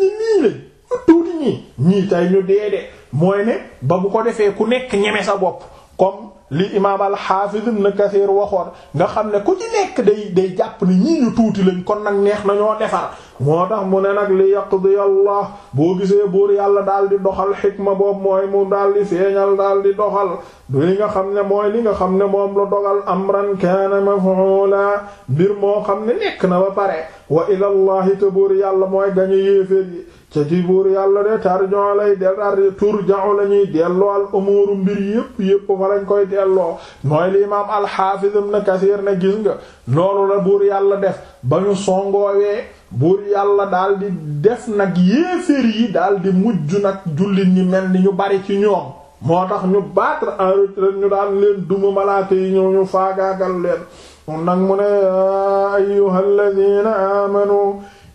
A: ñi nii lañ ñu tuuti ñii ñii tey ñu dee de mooy ne ba bu ko defee ku nekk ñeme sa bopp comme li imaam al na Ibn Kathir waxoon nga xam ne ku ci nekk day day jàpp ne ñii ñu tuuti lañ kon nag neex na ñoo defar moo tax mu ne nag li yaqdi Allah boo gisee buur yàlla daal di doxal xikma boobu mooy mu daal di feeñal daal di doxal du li nga xam ne mooy li nga xam ne moom la dogal amran kaana maf'ula mbir moo xam ne nekk na ba pare wa ila Allahi buur yàlla mooy gañu yéeféer yi ca ci buur yàlla de tarjon lay detar turja'u la ñuy delloo al umuuru mbir yépp yépp fa lañ koy delloo mooy li imaam alxaafiz ibn Kasiir ne gis nga loolu la buur yàlla def ba ñu songoowee buur yàlla daal di def nag yéefér yi daal di mujj nag jullit ñi mel ni ñu bari ci ñoom moo tax ñu battre en ñu daan leen duma malaaka yi ñëw ñu faagaagal leen nag mu ne ayyuhal ladina amanu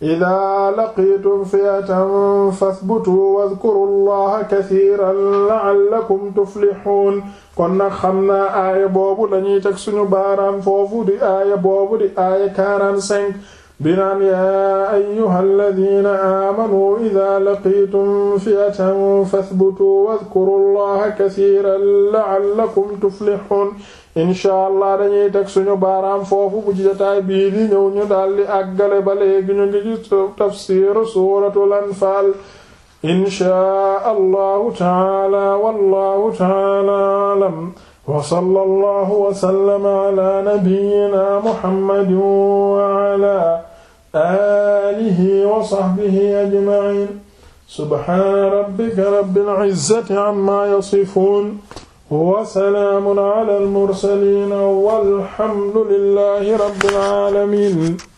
A: ida laqiitum fiyatan fasbutu wadkuru allaha kathiran la'allakum tuflihun kon nag xam naa aaya boobu lañuy teg suñu baaraam foofu di aaya boobu di aaya 45 binaan yaa ayyuha alladina aamanuu ida laqiitum fiyatan fasbutu wadkuru allaha kathiran la'allakum tuflihun incha allah dañuy teg suñu baaraam foofu bu ci jotaay bii di ñëw ñu daldi àggale ba léegi ñu ngi ci tafsir suuratul anfaal incha allahu taala wallahu taala alam wa sallallahu wa sallama ala nabiyyina muhammadin wa ala alihi wa sahbihi ajma'in subhana rabbika rabbil izzati amma yasifun wa salaamun ala al mursaliin walhamdu lillaahi rabbil aalamiin